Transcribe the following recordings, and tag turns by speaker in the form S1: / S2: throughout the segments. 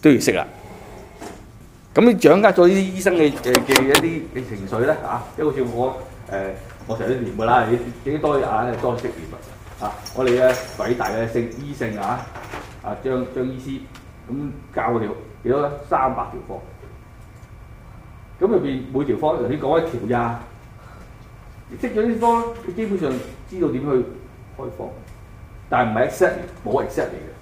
S1: 都要識啦。咁你掌握咗呢啲醫生嘅嘅一啲嘅情緒咧啊，好似我誒，我成日、呃、都念噶啦，你幾多日啊，多識念啊。我哋嘅偉大嘅聖醫聖啊，啊張張醫師咁教了幾多咧，三百條方。咁入邊每條方頭先講一條咋，你、啊、識咗呢啲方，你基本上知道點去開方，但唔係 ex，冇 ex 嚟嘅。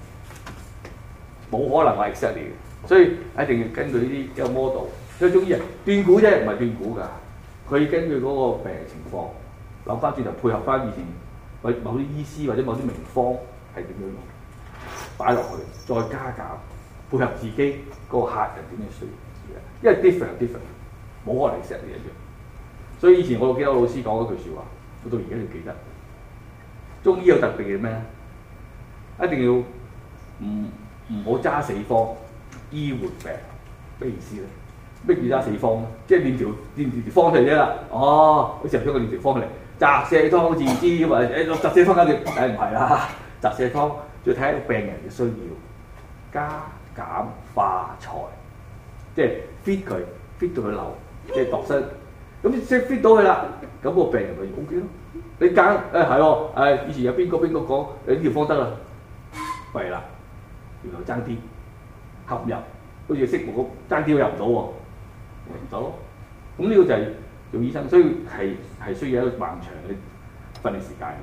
S1: 冇可能話 exactly，所以一定要根據呢啲一個 model。所以中醫啊，斷估啫唔係斷估㗎，佢根據嗰個病情況，扭翻轉頭配合翻以前，喂某啲醫師或者某啲名方係點樣擺落去，再加減配合自己嗰個客人點樣需要，因為 different different，冇可能 exactly 一樣。所以以前我記得我老師講嗰句説話，我到而家都記得。中醫有特別嘅咩？一定要唔～、嗯唔好揸四方醫活病，咩意思咧？逼住揸四方咧，即係兩條兩條方嚟啫啦。哦，嗰時候將個兩條方嚟雜四湯治之咁啊！誒，雜、哎、四湯解決誒唔係啦嚇，雜四湯要睇下個病人嘅需要，加減化裁，即係 fit 佢 fit 到佢流，即係度身。咁即 fit 到佢啦，咁、嗰個病人咪用機咯。你揀誒係喎以前有邊個邊個講兩條方得啦？弊啦！又爭啲吸入，好似識搏，爭啲入唔到喎，唔到。咁呢個就係做醫生，所以係係需要一個漫長嘅訓練時間。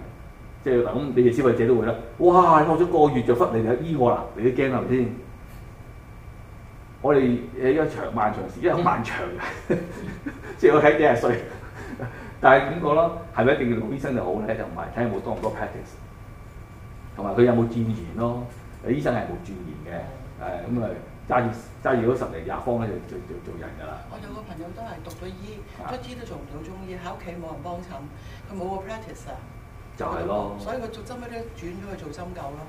S1: 即係咁，你哋消費者都會啦。哇，過咗個月就忽你啦，醫我啦，你都驚啦先。我哋係一個長漫長時間，好漫長嘅，即係我睇幾廿歲。但係點講咧？係咪一定要做醫生就好咧？就唔係睇有冇多唔多 practice，同埋佢有冇戰言咯。你醫生係冇鑽研嘅，誒咁誒揸住揸住嗰十零廿方咧，就就就做人㗎啦。我有個朋友都係讀咗醫，出師都做唔到中醫，喺屋
S2: 企冇人幫襯，佢冇個 practice 啊，就係咯，所以佢做針嗰都轉咗去做針灸咯，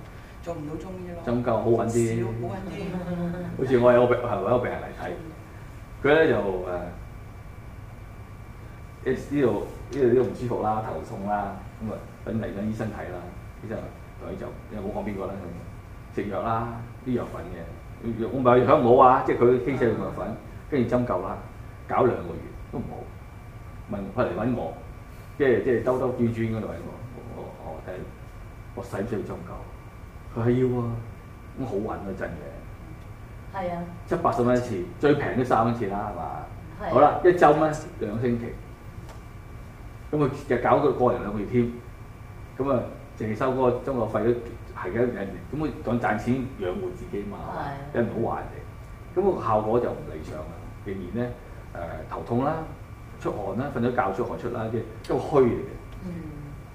S2: 做唔到中醫咯。針灸好揾啲，好
S1: 啲。好似我有病係揾個病人嚟睇，佢咧就誒，誒呢度呢度都唔舒服啦，頭痛啦，咁啊揾嚟揾醫生睇啦。醫生話佢就誒冇講邊個啦。食藥啦，啲藥粉嘅，藥我唔係佢冇啊，即係佢敷曬用藥粉，跟住、嗯、針灸啦，搞兩個月都唔好，問佢嚟揾我，即係即係兜兜轉轉嗰度我，我我睇我使唔使去針灸？佢係要，要啊，咁好穩陣嘅，係啊，啊七八十蚊一次，最平都三蚊一次啦，係嘛？好啦，一周蚊兩星期，咁佢又搞到個人兩個月添，咁啊，淨係收嗰個針灸費都～係嘅，咁我想賺錢養活自己嘛，又唔好話人哋，咁、那個效果就唔理想啦。既然咧，誒、呃、頭痛啦，出汗啦，瞓咗覺出汗出啦，即係都虛嚟嘅。嗯，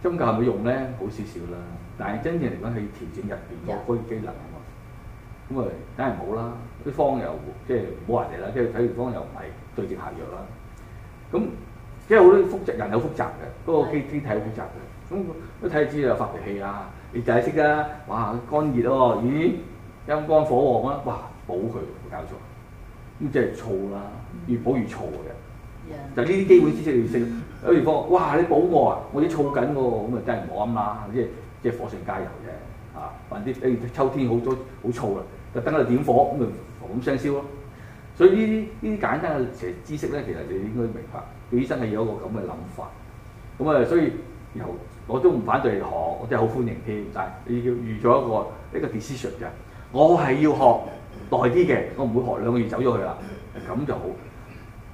S1: 中藥係咪用咧？好少少啦。但係真正嚟講係調整入邊個虛機能啊嘛。咁啊的，梗係冇啦。啲方又即係唔好話人哋啦，即係睇完方又唔係對症下藥啦。咁即係好多複雜，人好複雜嘅，嗰、那個機體、那個、機體好複雜嘅。咁都睇知又發脾氣啦、啊。你就係識啦，哇肝熱喎、啊，咦陰肝火旺啊，哇補佢搞錯，咁即係燥啦，越補越燥嘅。Mm hmm. 就呢啲基本知識要識，有啲人講哇你補我啊，我啲燥緊喎，咁啊真係唔好啱啦，即係即係火上加油啫！啊，或者、呃、秋天好多好燥啦，特登喺度點火咁咪咁生燒咯。所以呢啲呢啲簡單嘅其實知識咧，其實你應該明白，本身就有一個咁嘅諗法。咁啊，所以有。以我都唔反對學，我真係好歡迎添。但係你要預咗一個一個 decision 嘅，我係要學耐啲嘅，我唔會學兩個月走咗去啊。咁就好，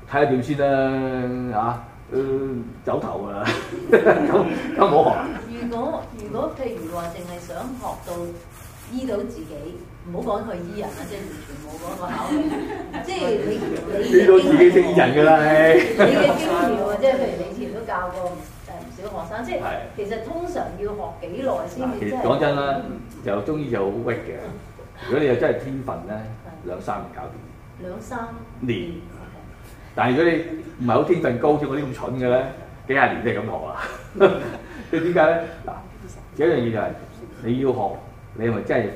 S1: 睇下點先啦吓，嗯、呃，走頭㗎啦，咁咁好學。如果如果譬如話，淨
S2: 係想學到醫到自己，唔好講佢醫人啦，即係完全冇嗰個考慮。即係 你你醫到自己先醫人㗎啦， 你。你嘅經驗即係譬如你以前都教過。學生即係的其實通常要學幾耐先？其實
S1: 講真啦，嗯、就中意又好屈嘅。如果你又真係天分咧，兩三年搞掂。兩三年。但係如果你唔係好天分高，像我啲咁蠢嘅咧，幾廿年都係咁學 啊？你點解咧？嗱，有一樣嘢就係你要學，你係咪真係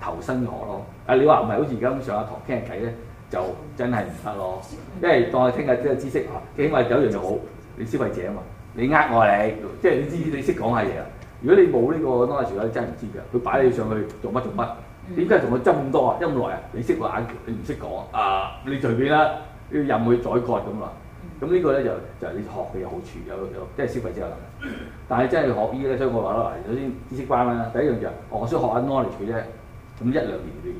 S1: 投身學咯？啊，你話唔係好似而家咁上下堂傾下偈咧，就真係唔得咯。因為當係聽下啲知識，最、啊、起碼有一樣就好，你消費者啊嘛。你呃我你即係你知，你識講下嘢啦。如果你冇呢個 knowledge 你真係唔知㗎。佢擺你上去做乜做乜？點解同我爭咁多啊？爭咁耐啊？你識玩，你唔識講啊？你隨便啦，你要任佢宰割咁咯。咁呢個咧就就係、你學嘅有好處，有有即係消費者有能力。但係真係要學依啲咧，所以我話啦，首先知識關啦，第一樣嘢，就是哦，我需要學下 knowledge 嘅啫。咁一兩年都要。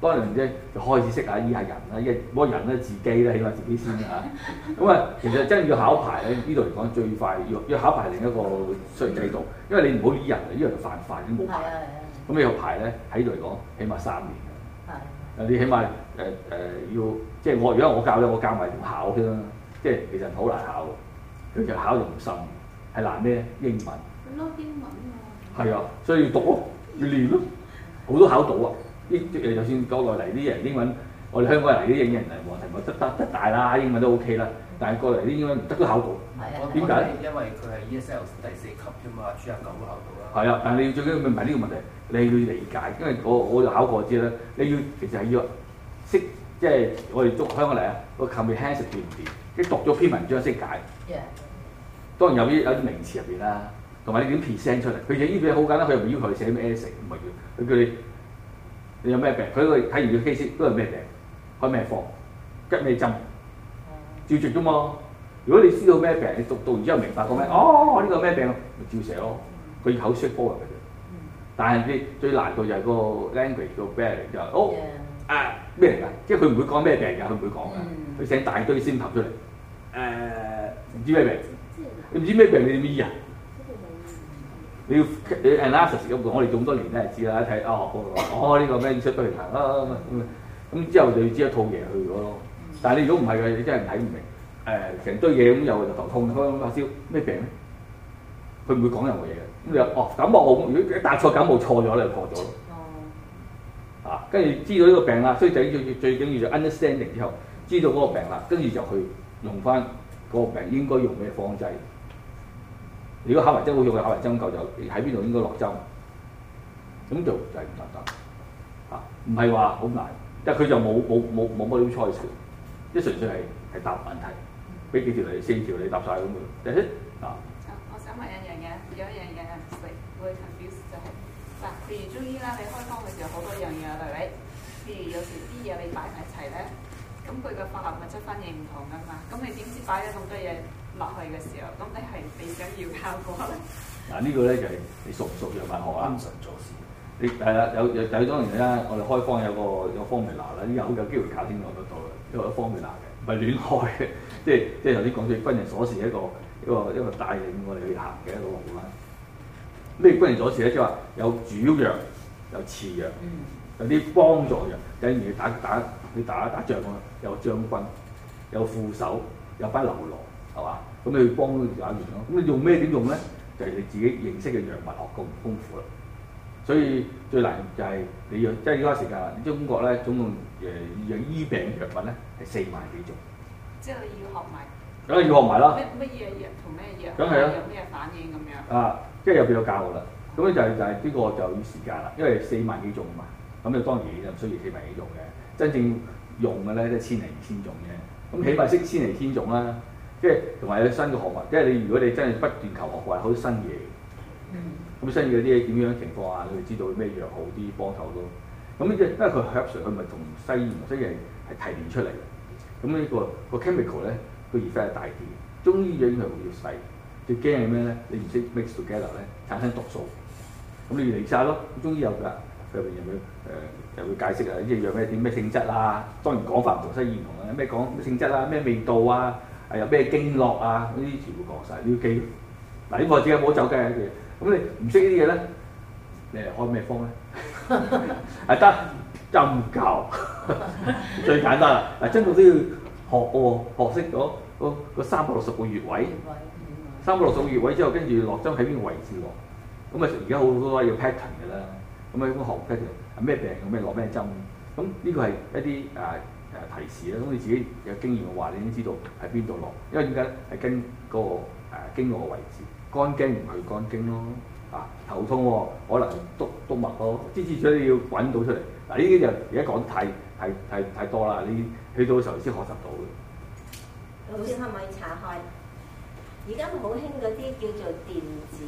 S1: 多年唔就開始識下醫下人啦，因一摸人咧自己咧，起碼自己先啦咁啊，其實真係要考牌咧，呢度嚟講最快要要考牌另一個需要制度，因為你唔好理人,因為人啊，依樣就犯法，已冇牌。咁呢個牌咧喺度嚟講，起碼三年。係、啊。你起碼誒誒、呃呃、要，即係我如果我教咧，我教埋考先啦。即係其實好難考嘅，佢就考就唔深。係難咩？英文。
S3: 咁
S1: 咯，英文啊。係啊，所以要讀咯，要練咯，我都考到啊。啲就算嗰個嚟啲人英文，我哋香港人嚟啲影人嚟冇問題，冇、嗯、得得得大啦，英文都 OK 啦。但係過嚟啲英文唔得都考到，點解、嗯。為因為佢係 ESL 第四級啫嘛，C 九都考到啦。係啊，但係你最要最緊要明埋呢個問題，你要理解，因為我我就考過知啦，你要其實係要識，即係我哋讀香港嚟啊，個靠面 hands e 掂唔掂？即係讀咗篇文章識解、解。y、嗯、當然有啲有啲名詞入邊啦，同埋你點 present 出嚟，佢寫呢樣好簡單，佢又唔要求你寫咩 s，唔係佢，佢叫你。有咩病？佢去睇完個 case 都係咩病？開咩科？吉咩針？照住啫嘛。如果你知道咩病，你讀到然之後明白個咩？哦、呢、哦，這個咩病？照寫咯。佢口述科嚟嘅啫。但係最最難嘅就係個 language 個 barrier 就是、哦啊咩嚟噶？即係佢唔會講咩病噶，佢唔會講噶。佢寫大堆先頭出嚟。誒、呃，唔知咩病、病？你唔知咩病？你點醫啊？你要你 analysis 咁我哋咁多年咧係知啦，一睇哦，哦呢個咩要出對門行咁啊咁。之後就要知一套嘢去咗咯。但係你如果唔係嘅，你真係睇唔明。誒，成堆嘢咁又就頭痛，開發燒咩病？佢唔會講任何嘢嘅。咁你哦感冒如果一答錯感冒錯咗你就錯咗。哦。啊，跟住知道呢個病啦，所以最最最緊要就 understanding 之後知道嗰個病啦，跟住就去用翻嗰個病應該用咩方劑。如果考埋針，針，我要考埋針，夠就喺邊度應該落針。咁就就係咁簡單，嚇，唔係話好難，即係佢就冇冇冇冇乜嘢 choice 即係純粹係係答問題，俾幾條你四條你答晒。咁樣，啊、嗯。嗯、我想問一樣嘢，有一樣嘢係唔明，會 confuse 就係嗱，譬如中醫啦，你開方嘅時候好多樣嘢，係咪？譬如有時啲嘢你擺埋一齊咧，咁佢嘅化學物質分析唔同㗎嘛，咁你點知擺咗咁多嘢？落去嘅時候，咁你係你想要效果咧？嗱，呢個咧就係你熟唔熟藥物學啊？君臣佐使，你係啦，有有有種當然啦，我哋開方有個有方名啦，依家有機會搞清楚得到啦，一個方名嘅，唔係亂開嘅，即係即係頭先講嘅君臣佐使係一個一個一個帶領我哋去行嘅一個路啦。咩君臣佐使咧？即係話有主藥，有次藥，有啲幫助藥。假如你打打你打打，打仗啊，有將軍，有副手，有班嘍囉。咁你去幫解藥咯。咁你用咩點用咧？就係、是、你自己認識嘅藥物學夠唔豐富啦。所以最難就係你有，即係要花時間啦。中國咧總共誒有醫病藥物咧係四萬幾種。即係你要學埋。梗係要學埋啦。乜嘢藥同咩藥？梗係啦。有咩反
S2: 應咁樣？啊，
S1: 即、就、係、是、有俾我教噶啦。咁咧就係、是、就係、是、呢個就要時間啦，因為四萬幾種嘛。咁你當然就唔需要四萬幾種嘅，真正用嘅咧都係千零千種嘅。咁起碼識千零千種啦。即係同埋有新嘅學物，即係你如果你真係不斷求學嘅話，好多新嘢咁、嗯、新嘢嗰啲點樣情況啊？佢知道咩藥好啲幫手多。咁呢啲因為佢係藥，佢咪同西醫唔同，即係係提煉出嚟。咁呢個、個 chemical 咧，個 effect 大啲。中醫就應該會要細。最驚係咩咧？你唔識 mix together 咧，產生毒素，咁你嚟晒咯。中醫有㗎，佢入邊有冇誒有冇解釋啊？呢隻藥咩點咩性質啊？當然講法唔同西醫唔同啦，咩講咩性質啊？咩味道啊？係有咩經絡啊？呢啲全部講晒，要你呢啲機。嗱呢個只係好走計嘅，咁你唔識呢啲嘢咧，你開咩方咧？係 得、啊、針灸 最簡單啦。啊，針灸都要學喎，學識咗個三百六十個穴位，三百六十個穴位之後，跟住落針喺邊個位置喎？咁啊，而家好多要 pattern 嘅啦。咁啊，要學 pattern 係咩病咁？咩落咩針？咁呢個係一啲啊～誒提示啦，咁你自己有經驗嘅話，你已經知道喺邊度落，因為點解咧？係跟個誒經絡嘅位置，肝經唔係肝經咯，啊頭痛可能督督脈咯，所以你要揾到出嚟。嗱呢啲就而家講得太太太多啦，你去到嘅時候先學習到嘅。好，可唔可以查開？而家好興嗰啲叫做電子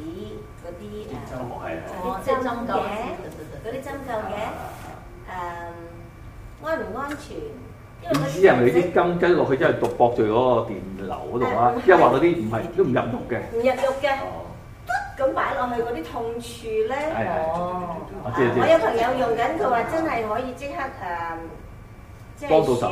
S1: 嗰啲針灸學即係針灸嘅嗰啲針灸嘅誒，安唔
S2: 安全？意
S1: 思係咪啲金雞落去真係，獨駁住嗰個電流嗰度啊？即係話嗰啲唔係都唔入肉嘅，唔入肉嘅，
S2: 咁擺落去嗰啲痛處咧，哦，我有朋友
S3: 用緊，佢話真係可以即刻誒，即
S2: 係幫到手。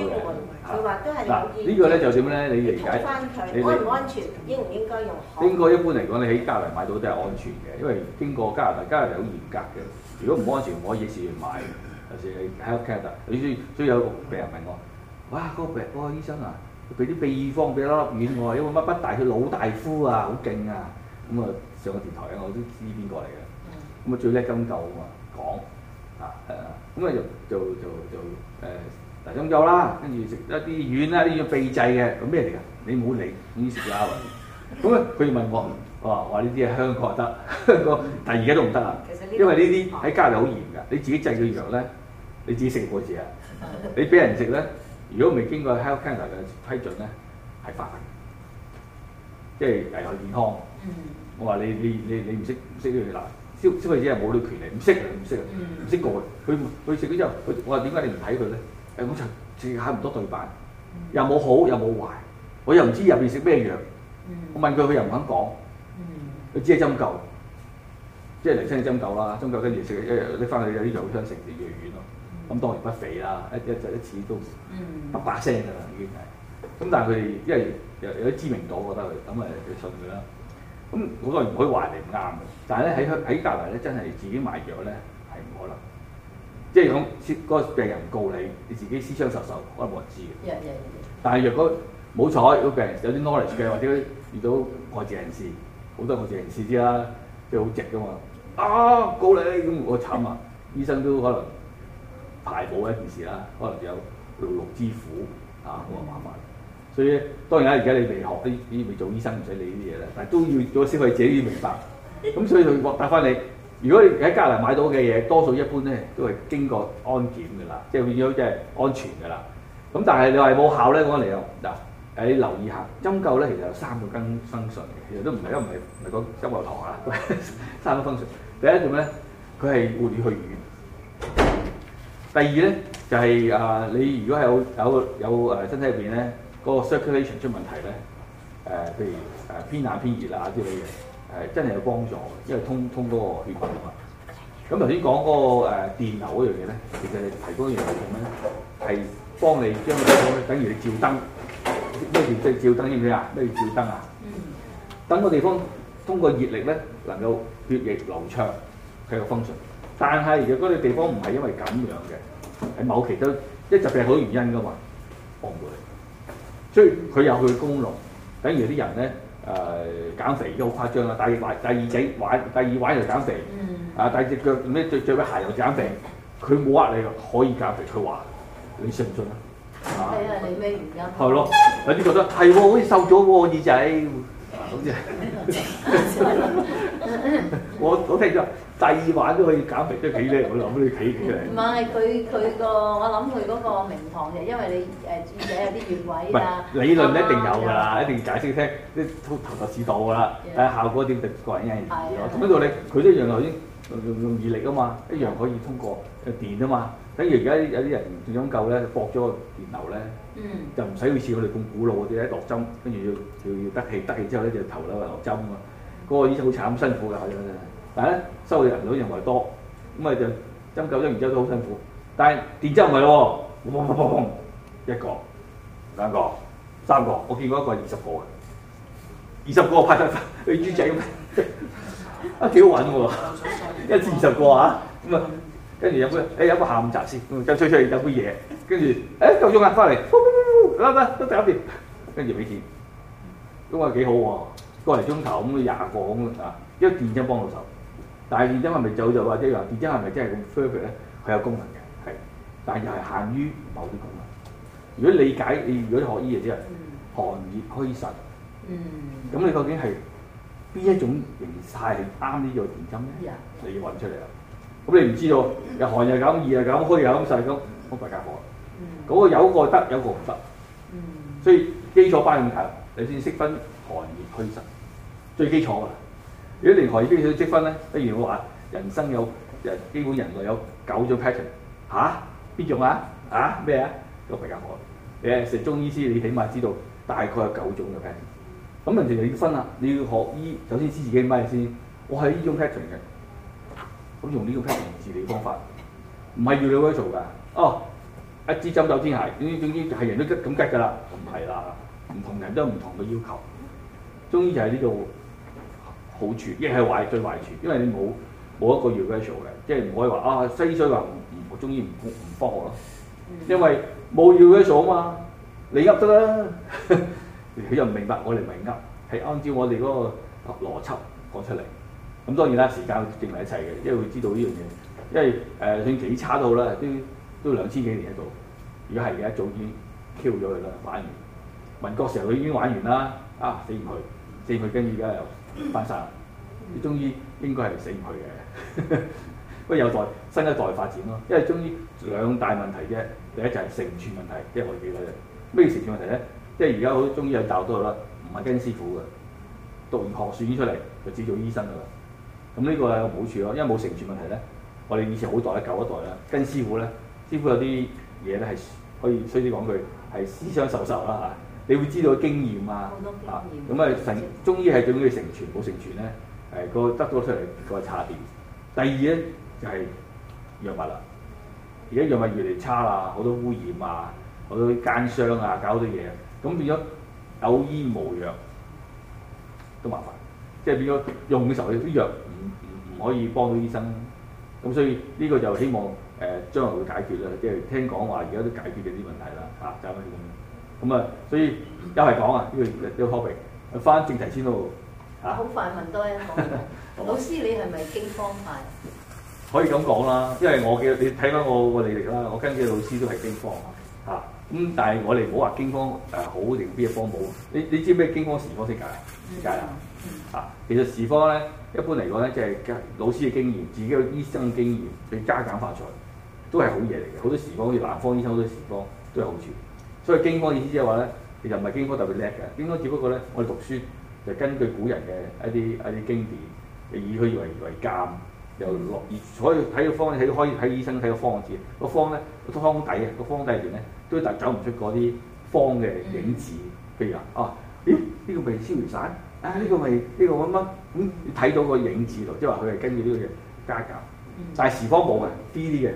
S2: 佢話都係可以，呢個咧就點咧？你理解翻佢安唔
S1: 安全，應唔應該
S2: 用？
S1: 應該一般嚟講，你喺加拿大買到都係安全嘅，因為經過加拿大，加拿大好嚴格嘅。如果唔安全，唔可以嘗試去買，尤其喺喺屋企買得。你最最近有個病人問我。哇！嗰、那個病，嗰個醫生啊，俾啲秘方，俾粒粒丸我因為乜北大佢老大，大夫啊，好勁啊，咁啊上個電台、嗯呃、啊，我都知邊個嚟嘅。咁啊最叻針灸啊，講啊係啊，咁啊就就就就誒，大針灸啦，跟住食一啲丸啦，啲藥秘製嘅，咁咩嚟㗎？你冇理，你食咗啱啊。咁啊，佢要問我，我話我呢啲啊香港得，香港，但係而家都唔得啦。
S3: 因為呢啲喺
S1: 加拿大好嚴㗎，你自己，自己製嘅藥咧，你自己食過住啊，你俾人食咧。如果未經過 Health Canada 嘅批准咧，係犯法嘅，即係危害健康。Mm
S3: hmm.
S1: 我話你你你你唔識唔識呢樣嘢啦，消消費者係冇呢個權利，唔識唔識唔識過嘅。佢佢食咗之後，佢我話點解你唔睇佢咧？誒、哎，我查，只係唔多對版，又冇好又冇壞，我又唔知入面食咩藥。Mm hmm. 我問佢，佢又唔肯講。佢只係針灸，即係嚟聽你針灸啦，針灸跟住食誒搦翻去有啲藥商成時藥丸咯。咁當然不菲啦，一一隻一次都叭叭聲嘅啦，已經係。咁但係佢哋因為有有啲知名度，我覺得佢，咁咪要信佢啦。咁好多人唔可以話你唔啱嘅，但係咧喺喺隔離咧，真係自己買藥咧係唔可能。即係講，個病人告你，你自己私相授受，可能冇人知嘅。但係若果冇彩，個病人有啲 knowledge 嘅，或者遇到外籍人士，好多外籍人士知啦，即係好直嘅嘛。啊，告你咧，咁我慘啊！醫生都可能。排保一件事啦，可能有勞碌之苦、嗯、啊，咁啊麻麻。所以當然啦，而家你未學啲，你未做醫生唔使理呢啲嘢啦。但係都要，做消費者要明白。咁所以佢回答翻你，如果你喺加拿大買到嘅嘢，多數一般咧都係經過安檢嘅啦，即係變咗，即係安全嘅啦。咁但係你，你話冇效咧，我嚟啦嗱，你留意下，針灸咧其實有三個分分層嘅，其實都唔係因為唔係講針灸堂啊，三個分層。第一種咧，佢係活血。第二咧就係、是、啊、呃，你如果係有有有誒、呃、身體入邊咧，嗰、那個 circulation 出問題咧，誒、呃、譬如誒偏冷偏熱啊之類嘅，誒、呃、真係有幫助，因為通通嗰個血管啊嘛。咁頭先講嗰個誒電流嗰樣嘢咧，其實提供一樣嘢點樣咧，係幫你將個地方咧等於你照燈，咩叫照燈知唔知啊？咩叫照燈啊？等個地方通過熱力咧，能夠血液流暢，佢嘅 function。但係如果個地方唔係因為咁樣嘅，喺某期都一疾病好原因噶嘛，幫唔到你。所以佢有佢嘅功能，等於有啲人咧誒減肥都好誇張啊！戴耳戴耳仔，戴耳環又減肥，啊二隻腳咩著著對鞋又減肥，佢冇呃你可以減肥佢話，你信唔信啊？係啊，你咩
S3: 原因？
S1: 係咯，有啲覺得係喎，好似瘦咗喎耳仔，咁就我我停咗。第二晚都可以減肥，都幾叻。我諗呢企幾唔係佢佢個，我諗佢嗰個名堂
S2: 就因為你誒注者有啲穴位啊。理論一定有㗎啦，
S1: 一定解釋聽，即頭頭是道㗎啦。 但係效果點定個人因人而異，同呢度你佢一樣頭先用用電力啊嘛，一樣可以通過電啊嘛。比如而家有啲人仲想救咧，搏咗電流咧，就唔使好似我哋咁古老嗰啲落針，跟住要要要得氣得氣之後咧就要頭扭埋落針啊嘛。嗰、那個醫生好慘，辛苦㗎，但係咧，收嘅人數認為多，咁咪就針灸針完之後都好辛苦。但係電針唔係喎，一個、兩個、三個，我見過一個二十個嘅，二十個派得，你豬仔咁啊幾好揾喎，一次二十個啊咁啊，跟住飲杯，誒飲杯下午茶先，咁吹吹飲杯嘢，跟住誒夠鐘喇翻嚟，得得？得一邊，跟住俾錢，咁啊幾好喎，個零鐘頭咁廿個咁啊，因為電針幫到手。但係電針係咪就就或者話電針係咪真係咁 perfect 咧？佢有功能嘅，係，但係又係限於某啲功能。如果理解你，如果學醫嘅啫，嗯、寒熱虛實，
S3: 咁、嗯、你究
S1: 竟係邊一種形態係啱呢種電針咧？嗯、你要揾出嚟啦。咁你唔知道，又寒又咁熱又咁虛又咁實咁，冇辦法學啦。嗰、嗯、個有個得，有個唔得。嗯、所以基礎班咁教，你先識分寒熱虛實，最基礎㗎啦。如果連何已經要去積分咧，不如我話人生有人基本人類有九種 pattern 吓，啊？邊種啊？啊咩啊？都比較好，誒食中醫師你起碼知道大概有九種嘅 pattern。咁人哋就要分啦，你要學醫首先知自己咩先，己先。我係呢種 pattern 嘅，咁用呢種 pattern 治理方法，唔係要你去做㗎。哦，一支針走天涯，總之總之係人都拮咁拮㗎啦，唔係啦，唔同人都有唔同嘅要求。中醫就係呢度。好處亦係壞，最壞處，因為你冇冇一個 require 嘅，即係唔可以話啊西醫話唔，我中醫唔唔科學咯，因為冇 require 啊嘛，你噏得啦，佢又唔明白我哋唔係噏，係按照我哋嗰個邏輯講出嚟。咁當然啦，時間證埋一齊嘅，因為佢知道呢樣嘢，因為誒算幾差都好啦，都都兩千幾年喺度，如果係而家，早已經 q 咗佢啦，玩完。民國時候佢已經玩完啦，啊死唔去，死唔去，跟住而家又。翻曬啦！你中醫應該係死唔去嘅，不過有待新一代發展咯。因為中醫兩大問題啫，第一就係承傳問題，即係我哋得，做咩承傳問題咧？即係而家好多中醫係教多啦，唔係跟師傅嘅，讀完學書出嚟就只做醫生噶啦。咁呢個係好處咯，因為冇承傳問題咧。我哋以前好代嘅舊一代咧，跟師傅咧，師傅有啲嘢咧係可以，衰啲講句係師承授受啦嚇。你會知道經驗，經驗啊，啊、嗯，咁啊成中醫係點樣去成全冇成全咧？誒，個得咗出嚟結果係差啲。第二咧就係、是、藥物啦，而家藥物越嚟越差啦，好多污染啊，好多奸商啊，搞好多嘢，咁變咗有醫無藥都麻煩，即係變咗用嘅時候啲藥唔唔可以幫到醫生。咁所以呢個就希望誒、呃、將來會解決啦。即係聽講話而家都解決緊啲問題啦，嚇就係啲咁樣？咁啊，所以一係講啊，呢、這個呢、這個 topic，翻正題先咯。啊，好快問多一個， 老師你係咪經
S2: 方派？
S1: 可以咁講啦，因為我嘅你睇翻我個履歷啦，我跟嘅老師都係經方啊。咁但係我哋唔好話經方誒好定邊一方好。你你知咩經方時方先㗎？先㗎？啊，啊其實時方咧一般嚟講咧，即係老師嘅經驗，自己嘅醫生嘅經驗，佢加減發財都係好嘢嚟嘅。好多時方好似南方醫生好多時方都係好處。所以經方意思即係話咧，其實唔係經方特別叻嘅，經方只不過咧，我哋讀書就根據古人嘅一啲一啲經典，以佢為以為鑑，又落而可以睇個方，睇可以睇醫生睇個方字，個方咧個方底啊，個方底入邊咧都特走唔出嗰啲方嘅影子，譬如話哦、啊，咦呢、這個咪消滅散？啊呢、這個咪，呢、這個乜乜，咁、嗯、睇到個影子度，即係話佢係根據呢個嘢加減。但係時方冇嘅，啲啲嘅，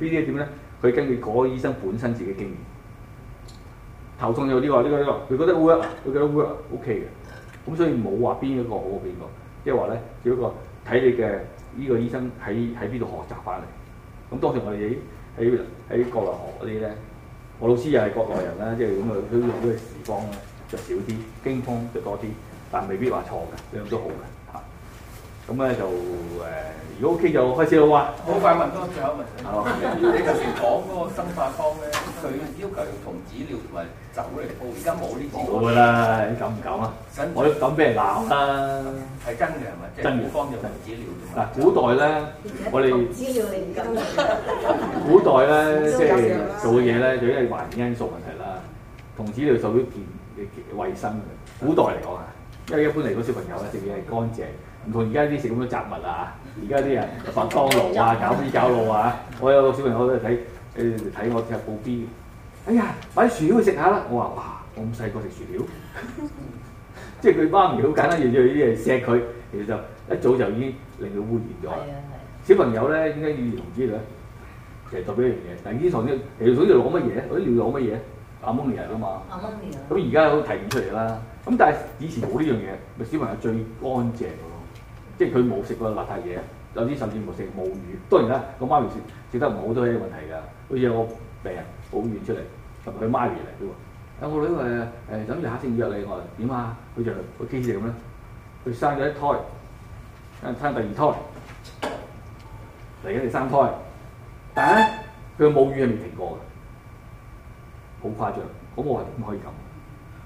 S1: 啲啲嘢點咧？佢根據嗰個醫生本身自己經驗。頭痛有啲喎，呢個呢個，佢、這個這個這個、覺得 work，佢覺得 work，OK、okay、嘅，咁所以冇話邊一個好過邊個，即係話咧只不過睇你嘅呢個醫生喺喺邊度學習翻嚟，咁當時我哋喺喺喺國內學嗰啲咧，我老師又係國內人啦，即係咁啊，都用都係時方嘅，著少啲，經方就多啲，但未必話錯嘅，樣樣都好嘅嚇。咁咧就誒，如果 OK 就開始好挖。好快問多最後問題。你頭先講嗰個生化方咧，佢要求用童子尿同埋酒嚟煲，而家冇呢個。冇噶啦，你敢唔敢啊？我敢俾人鬧啦。係真嘅係咪？真古方就童子尿嗱，
S3: 古代咧，我哋童子尿你唔敢。
S1: 古代咧，即係做嘅嘢咧，就因為環境因素問題啦。童子尿代表健、衛生嘅。古代嚟講啊，因為一般嚟講，小朋友咧食嘢係乾淨。唔同而家啲食咁多雜物啊！而家啲人麥當勞啊、搞啤搞路啊，我有個小朋友都睇誒睇我隻布 B。哎呀，買薯條去食下啦！我話哇，我咁細個食薯條， 即係佢媽咪好簡單，要要啲嘢錫佢，其實就一早就已經令到污染咗。啊啊、小朋友咧應該完全唔知咧，其實代表一樣嘢。但係呢堂咧其實主要講乜嘢咧？我啲要講乜嘢咧？阿媽嚟㗎嘛，阿媽嚟。咁而家都提唔出嚟啦。咁但係以前冇呢樣嘢，咪小朋友最乾淨。即係佢冇食過邋遢嘢，有啲甚至冇食母乳。當然啦，個媽咪食食得唔好都係一個問題㗎。好似我病保養出嚟，同佢媽咪嚟嘅喎。有個女話誒、欸，等住下次約你我點啊？佢就佢堅持咁啦。佢生咗一胎，生第二胎嚟緊第三胎，但係咧佢母乳係未停過嘅，好誇張。咁我係點可以咁？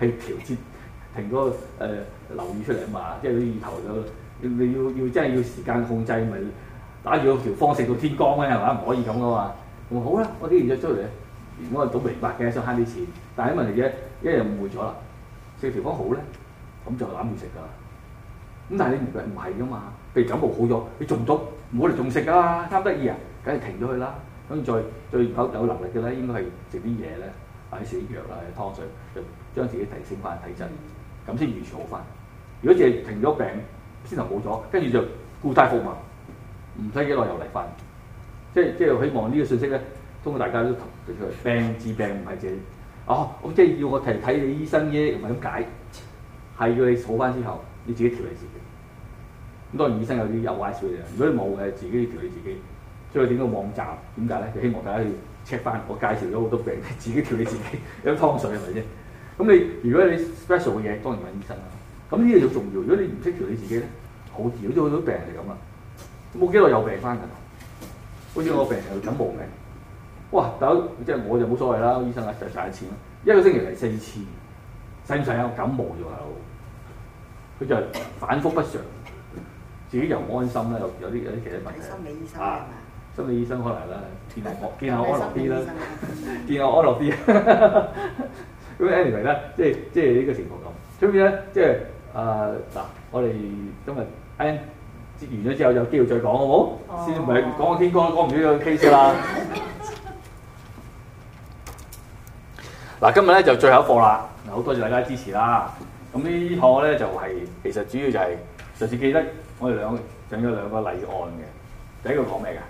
S1: 係調節停個誒、呃、留意出嚟嘛，即係啲意頭就你要要真係要時間控制，咪打住個條方食到天光咧係嘛？唔可以咁噶嘛。我好啦，我啲藥出嚟，如果來都明白嘅，想慳啲錢，但係啲問題一一日誤會咗啦。四條方好咧，咁就攬住食噶。咁但係你唔係唔㗎嘛？譬如感冒好咗，你仲唔好嚟仲食啊，貪得意啊，梗係停咗佢啦。咁再再有有能力嘅咧，應該係食啲嘢咧，或者食啲藥啊，湯水，將自己提升翻睇真，咁先完全好翻。如果淨係停咗病先頭冇咗，跟住就故態復萌，唔使幾耐又嚟翻。即係即係希望呢個信息咧，通過大家都同佢病治病唔係自己，啊，哦，即係要我提睇你醫生啫，唔係咁解，係要你好翻之後，你自己調理自己。咁當然醫生有啲有壞事嘅，如果你冇嘅，你自己調理自己。所以點解網站點解咧？就希望大家要 check 翻，我介紹咗好多病，自己調理自己有湯水係咪先？是咁你如果你 special 嘅嘢，當然揾醫生啦。咁呢個就重要。如果你唔識調理自己咧，好似。好似好多病人嚟咁啦，冇幾耐又病翻㗎。好似我病人感冒病，哇！即係我,我就冇所謂啦，醫生啊，就賺下錢一個星期嚟四次，使唔使啊？感冒又，佢就反覆不常，自己又唔安心啦。有有啲有啲其他問題。心理醫生啊心理醫生可能啦，見我安樂啲啦，見我,見我安樂啲。 咁 anyway 咧，即係即係呢個情況咁。咁樣咧，即係啊嗱，我、呃、哋今日 a 接完咗之後，有機會再講好唔好？哦、先唔係講個 天光，講唔住個 case 啦。嗱，今日咧就最後一課啦。嗱，好多謝大家支持啦。咁呢課咧就係其實主要就係上次記得我哋兩個整咗兩個例案嘅。第一個講咩嘅？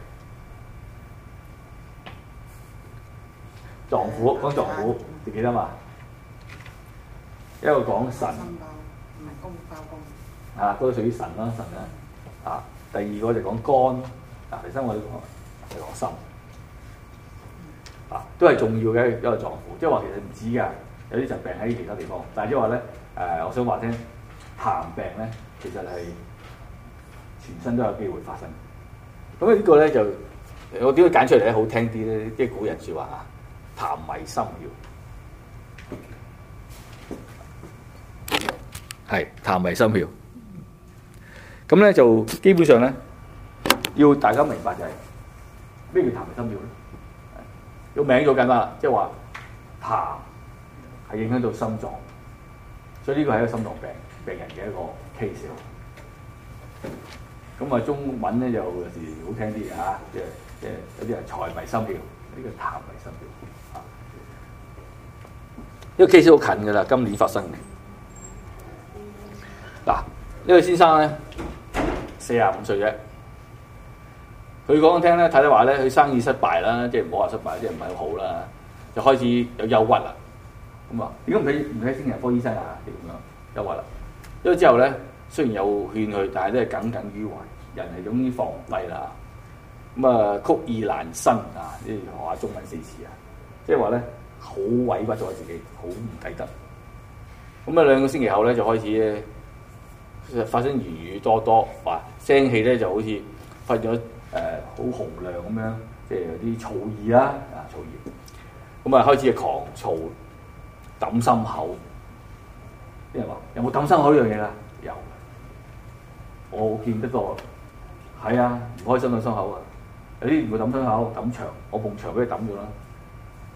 S1: 臟腑，講臟腑，你唔記得嘛？一個講腎，唔係公包公，嚇、啊，都屬於腎啦。腎咧，啊，第二個就講肝，嗱、啊，頭先我都講，係講心，嗱、啊，都係重要嘅一個臟腑，即係話其實唔止噶，有啲疾病喺其他地方，但係即係話咧，誒、呃，我想話聽，痰病咧，其實係全身都有機會發生。咁呢個咧就我點解揀出嚟咧？好聽啲咧，即係古人説話啊，痰迷心竅。係痰迷心竅，咁咧就基本上咧，要大家明白就係、是、咩叫痰迷心竅咧？有名做緊啦，即係話痰係影響到心臟，所以呢個係一個心臟病病人嘅一個 case。咁啊，中文咧就有時好聽啲啊，即係即係有啲人財迷心竅，呢、這個痰迷心竅，呢、啊、個 case 好近噶啦，今年發生嘅。嗱呢位先生咧四廿五歲啫，佢講聽咧，睇得話咧，佢生意失敗啦，即係唔好話失敗，即係唔係好啦，就開始有憂鬱啦。咁啊，點解唔睇唔睇精神科醫生啊？點樣憂鬱啦？因為之後咧，雖然有勸佢，但係咧耿耿於懷，人係總之放低啦。咁啊，曲意難伸啊，呢學下中文四字啊，即係話咧好委屈咗自己，好唔抵得。咁啊，兩個星期後咧就開始。發生語語多多，話聲氣咧就好似發咗誒好洪亮咁樣，即係有啲燥熱啦，啊燥熱。咁啊開始狂燥，揼心口。啲人話有冇揼心口呢樣嘢啊？有。我見得多，係啊，唔開心揼心口啊。有啲唔會揼心口，揼牆，我埲牆俾佢揼咗啦。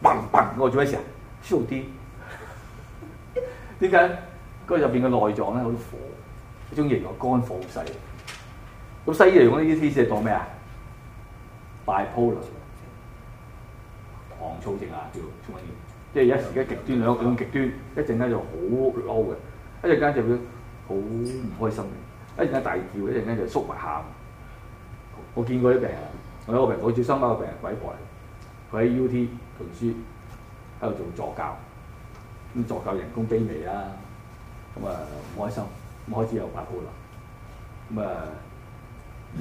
S1: 砰砰，我做咩事啊？燒啲。點解？嗰入邊嘅內臟咧好火。中醫嚟講肝火盛，咁西醫嚟講呢啲意思係當咩啊？Bipolar 狂躁症啊，叫即係一時一極端，兩個兩極端，一陣間就好嬲嘅，一陣間就會好唔開心嘅，一陣間大叫，一陣間就縮埋喊。我見過啲病人，我有個病，好似心爆嘅病人鬼怪，佢喺 U T 讀書，喺度做助教，咁助教人工卑微啦，咁啊唔開心。咁開始又買鋪啦，咁啊，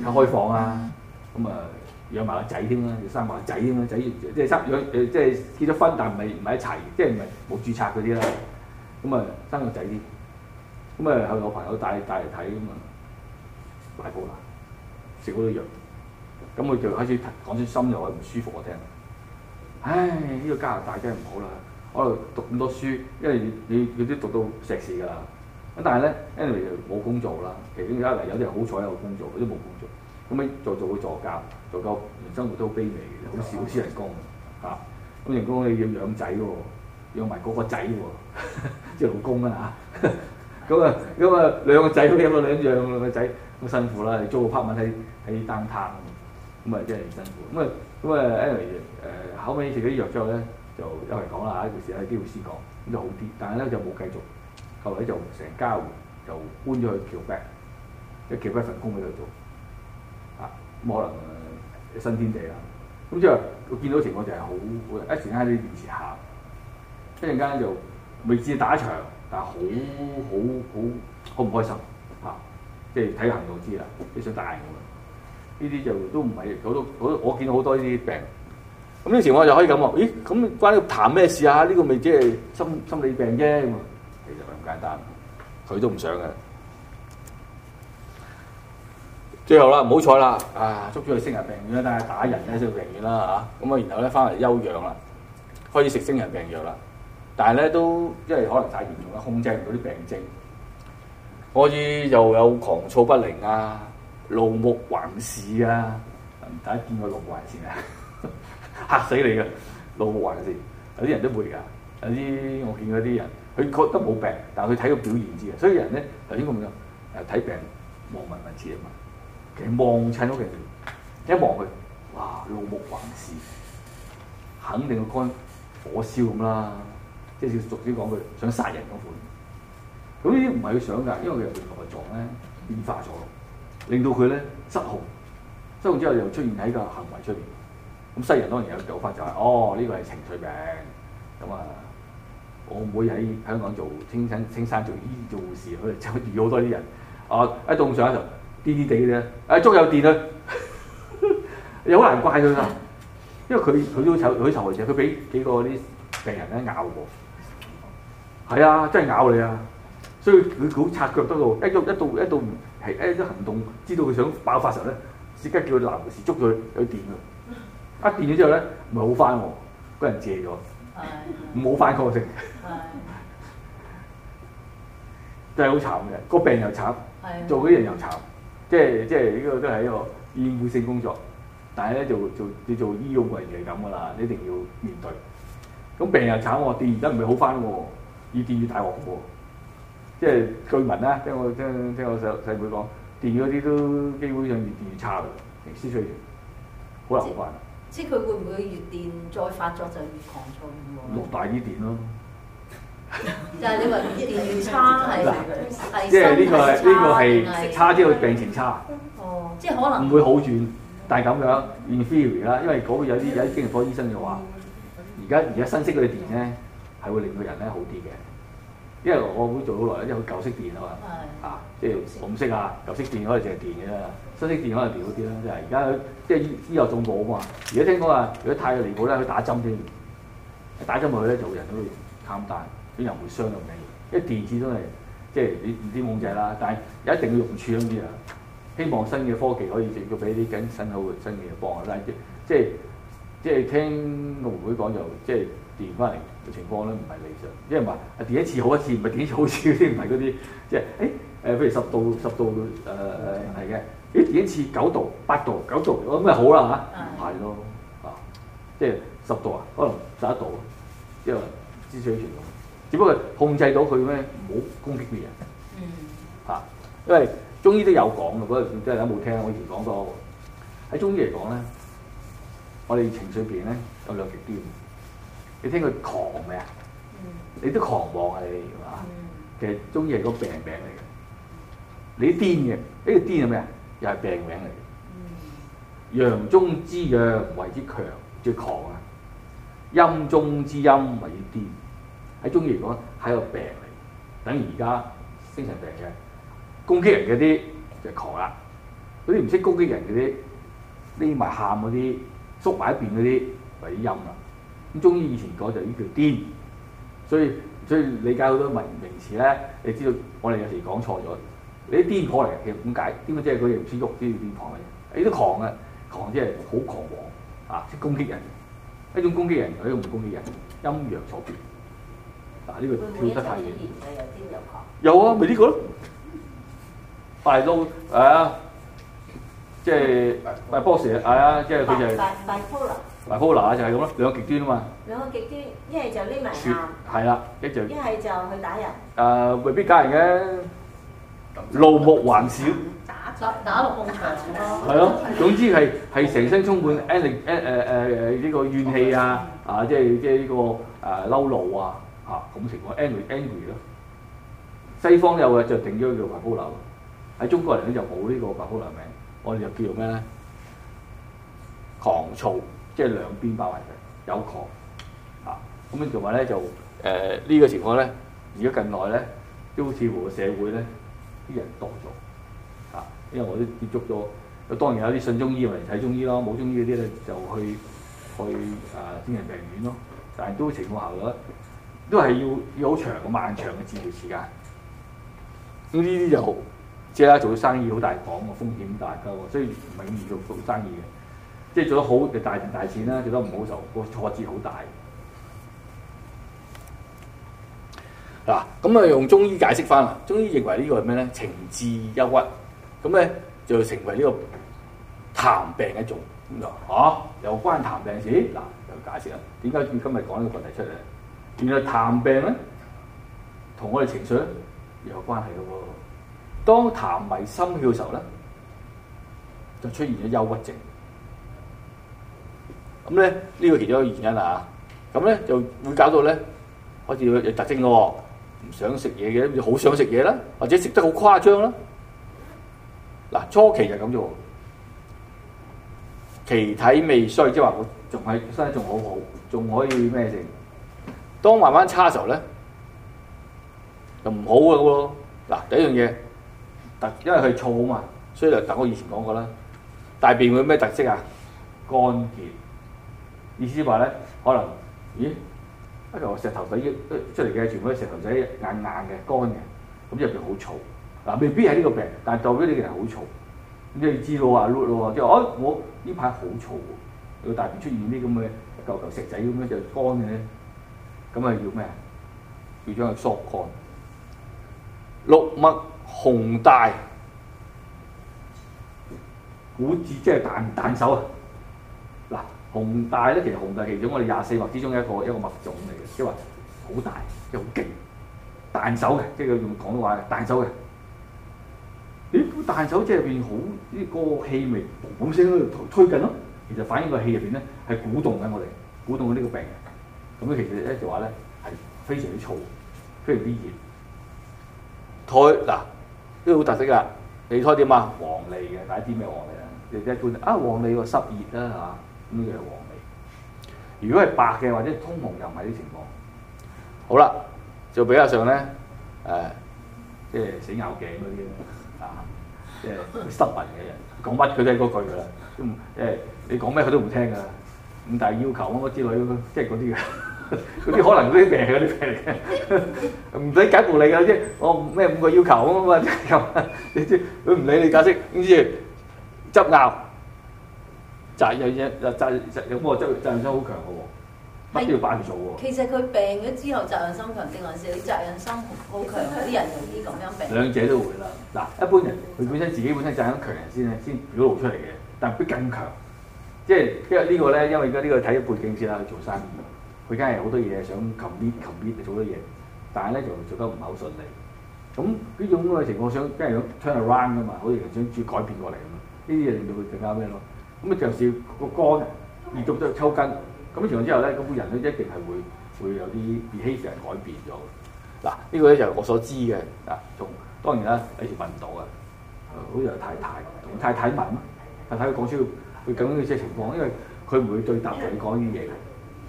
S1: 呃、開房啊，咁啊養埋個仔添啦，要生埋個仔添啦，仔即係生養，誒即係結咗婚，但係唔係唔係一齊，即係唔係冇註冊嗰啲啦，咁、嗯、啊生個仔啲，咁啊係有朋友帶帶嚟睇，咁啊買鋪啦，食好多藥，咁佢就開始講出心又係唔舒服我聽，唉呢、呢個加拿大真係唔好啦，我讀咁多書，因為你你都讀到碩士㗎啦。但係咧，Emily 就冇工做啦。其中而家嚟有啲人好彩有工做，有啲冇工做。咁樣再做個助教，助教生活都好卑微嘅，好少私、嗯、人工啊。咁人工你要養仔喎，養埋嗰個仔喎， 即係老公啦嚇。咁啊咁啊，兩個仔都咁啊，兩養兩個仔咁辛苦啦，做拍賣喺喺擔攤咁啊，真係辛苦。咁啊咁啊，Emily 誒後尾自己之咗咧，就有人講啦嚇，呢件事喺啲老師講咁就好啲，但係咧就冇繼續。後嚟就成家戶就搬咗去橋北，即係橋北一份工喺度做啊。咁、嗯、可能、呃、新天地啦，咁之後見到情況就係好，一時間喺你面前喊，一陣間就，就未至打場，但係好好好好唔開心啊！即係睇行動知啦，你想打我㗎？呢啲就都唔係好多好我見到好多呢啲病。咁呢個情況又可以咁喎？咦，咁關於談咩事啊？呢、這個未即係心心理病啫咁啊！其實佢咁簡單，佢都唔想嘅。最後啦，唔好彩啦，啊捉咗去星人病院啦，但係打人咧先到病院啦吓。咁啊，然後咧翻嚟休養啦，開始食星人病藥啦。但係咧都因為可能太嚴重啦，控制唔到啲病症，可以又有狂躁不靈啊，怒目橫視啊，唔使見個怒環先啊，吓 死你嘅怒目橫視。有啲人都會噶，有啲我見嗰啲人。佢覺得冇病，但係佢睇個表現知嘅。所以人咧頭先咁多，誒睇病望聞問切啊嘛，其實望親屋企人，一望佢，哇怒目橫視，肯定個肝火燒咁啦。即係俗語講句，想殺人嗰款。咁呢啲唔係佢想㗎，因為佢內臟咧變化咗，令到佢咧失控。失控之後又出現喺個行為出邊。咁西人當然有講法，就係，就係哦呢，呢個係情緒病咁啊。我唔會喺香港做青山，青山做醫做護士，佢就遇到好多啲人啊！一棟上一棟癲癲哋咧，啊、哎、捉有電啦，你 好難怪佢啦，因為佢佢都受佢受害者，佢俾幾個啲病人咧咬喎，係啊，真係咬你啊！所以佢好擦腳得咯，一喐一度一到係一啲行動，知道佢想爆發時咧，即刻叫男護士捉佢，有電啊！一電咗之後咧，咪好翻喎，嗰人借咗。唔好反抗性
S3: ，
S1: 真係好慘嘅。個病又慘，做嗰啲人又慘，即係即係呢個都係一個厭惡性工作。但係咧就做做做醫患關係係咁噶啦，你一定要面對。咁病又慘，我電而家唔係好翻喎，越電越大鑊。即係據聞咧，聽我聽聽我細細妹講，電嗰啲都基本上越電越差啦，成撕碎型，好難好翻。即係佢會唔會越電再發作
S2: 就越狂躁咁啊？落大啲電咯，就係你話啲電越差係即係呢個係呢個係差，即係病情差。哦，即係可能唔會
S1: 好轉，但係咁樣。In theory 啦，因為嗰個有啲有啲經驗科醫生就話，而家而家新式嗰啲電咧係會令到人咧好啲嘅，因為我會做到耐，咧，因為舊式電的啊嘛，啊即係紅色啊舊式電可能淨係電嘅。新式電話又屌啲啦，即係而家佢即係醫又仲冇啊嘛。而家聽講話，如果太過離譜咧，佢打針添，打針落去咧做人嗰度攤大，啲人會傷到你。因為電子都係即係唔知控制啦，但係有一定嘅用處咁啲啊。希望新嘅科技可以直接俾啲緊新好嘅新嘢幫下啦。即即我會即係聽個妹妹講就即係電翻嚟嘅情況咧，唔係理想。因為話啊，電一次好一次，唔係第一次好少啲，唔係嗰啲即係誒誒，譬如十度十度誒誒係嘅。呃誒幾次九度、八度、九度，咁咪好啦嚇，係、嗯、咯，啊，即係十度啊，可能十一度，即係情緒嘅傳動。只不過控制到佢咩，唔好攻擊別人。嗯。嚇，因為中醫都有講嘅嗰陣時，真係有冇聽？我以前講過喺中醫嚟講咧，我哋情緒邊咧有兩極端。你聽佢狂咩？啊？你都狂妄啊你，係嘛！其實中醫係個病病嚟嘅。你癲嘅，呢、這個癲係咩啊？又係病名嚟嘅，陽中之弱為之強，即係狂啊！陰中之陰為之癲，喺中醫嚟講係個病嚟，等於而家精神病嘅攻擊人嗰啲就是、狂啦、啊，嗰啲唔識攻擊人嗰啲匿埋喊，嗰啲縮埋一邊嗰啲為之陰啦、啊。咁中醫以前講就呢叫癲，所以所以理解好多文名詞咧，你知道我哋有時講錯咗。你啲癲狂嚟，其實點解？點解即係佢哋唔知喐啲癲狂嘅？你都狂啊！狂即係好狂妄啊！識攻擊人，一種攻擊人，一種唔攻擊人，陰陽錯別。嗱，呢個跳得太遠。有啊，咪呢個咯。大刀係啊，即係大波蛇係啊，即係佢就係。大波拉。大波拉就係咁咯，兩個極端啊嘛。兩
S2: 個極端，一係就匿
S1: 埋。係啦，一就。一係就去打人。誒，未必加人嘅。怒目橫少，打左
S2: 打一路咁長咯。係咯， 總之
S1: 係係成身充滿 a n y ang 誒呢個怨氣啊啊！即係即係呢、呢個誒嬲、啊、怒，怒啊嚇咁情況 a n y angry 咯。西方有嘅就定咗叫做白鬚柳，喺中國人咧就冇呢個白鬚柳名，我哋就叫做咩咧？狂躁，即係兩邊包圍住有狂啊！咁啊，仲話咧就誒呢、呃呢個情況咧，而家近來咧都似乎個社會咧。啲人多咗啊！因為我都接觸咗，當然有啲信中醫或者睇中醫咯，冇中醫嗰啲咧就去去啊精神病院咯。但係都情況下咧，都係要要好長嘅漫長嘅治療時間。咁呢啲就好即係做生意好大講喎，風險大㗎，所以永遠做做生意嘅，即係做得好就大賺大錢啦，做得唔好就個挫折好大。嗱，咁啊用中醫解釋翻啦，中醫認為個呢個係咩咧？情志憂鬱，咁咧就成為呢個痰病一種咁就、啊、有關痰病事，嗱有解釋啦。點解要今日講呢個問題出嚟？原來痰病咧，同我哋情緒咧有關係嘅喎。當痰迷心竅嘅時候咧，就出現咗憂鬱症，咁咧呢、呢個其中一個原因啊，咁咧就會搞到咧開始有特徵咯。想食嘢嘅，好想食嘢啦，或者食得好誇張啦。嗱、啊，初期就咁啫喎。奇體未衰，即係話我仲係身體仲好好，仲可以咩食。當慢慢差嘅時候咧，就唔好㗎喎。嗱、啊，第一樣嘢特，因為佢燥啊嘛，所以就等我以前講過啦。大便會有咩特色啊？乾結。意思話咧，可能，咦？一嚿石頭仔出嚟嘅，全部啲石頭仔硬硬嘅、乾嘅，咁入邊好燥。嗱、啊，未必係呢個病，但代表啲人好燥。咁你知道話 l 咯，即係、啊、我呢排好燥喎，個大便出現啲咁嘅一嚿嚿石仔咁樣就乾嘅，咁啊要咩？要將佢縮乾。六脈洪大，古字即係彈彈手啊！就是紅大咧，其實紅大其中我哋廿四脈之中一個一個物種嚟嘅，即係話好大，又好勁，彈手嘅，即係佢用廣東話嘅彈手嘅。咦？彈手即係入邊好呢個氣味，砰砰聲喺度推緊咯。其實反映個氣入邊咧係鼓動緊我哋，鼓動緊呢個病。咁其實咧就話咧係非常之燥，非常之熱。台嗱呢個好特色啊，你睇點啊？黃脷嘅，大家知咩黃脷啊？你即係啊黃脷喎，濕熱啦嚇。呢個係黃味，如果係白嘅或者通紅又唔係啲情況。好啦，就比較上咧，誒、呃，即係死拗頸嗰啲啊， 即係失魂嘅人，講乜佢都係嗰句噶啦，咁誒你講咩佢都唔聽噶，五大要求咁啊之類咁，即係嗰啲嘅，嗰 啲可能嗰啲病嗰啲病嚟嘅，唔使 解僱你嘅啫，我咩五個要求吖嘛？即係咁，你知佢唔理你解釋，跟知執拗。責任嘢啊，責任責任好喎，責任心好強嘅喎，乜都要辦完做喎。其
S2: 實佢病
S1: 咗之後，責任心強定還是要責任心好強嗰啲人容易咁樣病？兩者都會,會吧啦。嗱，一般人佢本身自己本身責任強人先咧，先表露出嚟嘅，但係佢更強，即係因為呢個咧，因為而家呢個睇背景先啦，去做生意，佢梗係好多嘢想求變求變做好多嘢，但係咧就做得唔係好順利。咁呢種咁嘅情況想梗係想 turn around 嘅嘛，好似想轉改變過嚟咁，呢啲嘢令到佢更加咩咯？咁啊，尤其是個肝熱到都抽筋，咁情況之後咧，咁個人咧一定係會會有啲 behaviour 改變咗。嗱，呢個咧就我所知嘅。嗱，從當然啦，有時問唔到啊，好似係太太同太太問，太太佢講出佢咁嘅情況，因為佢唔會對答同你講呢啲嘢嘅，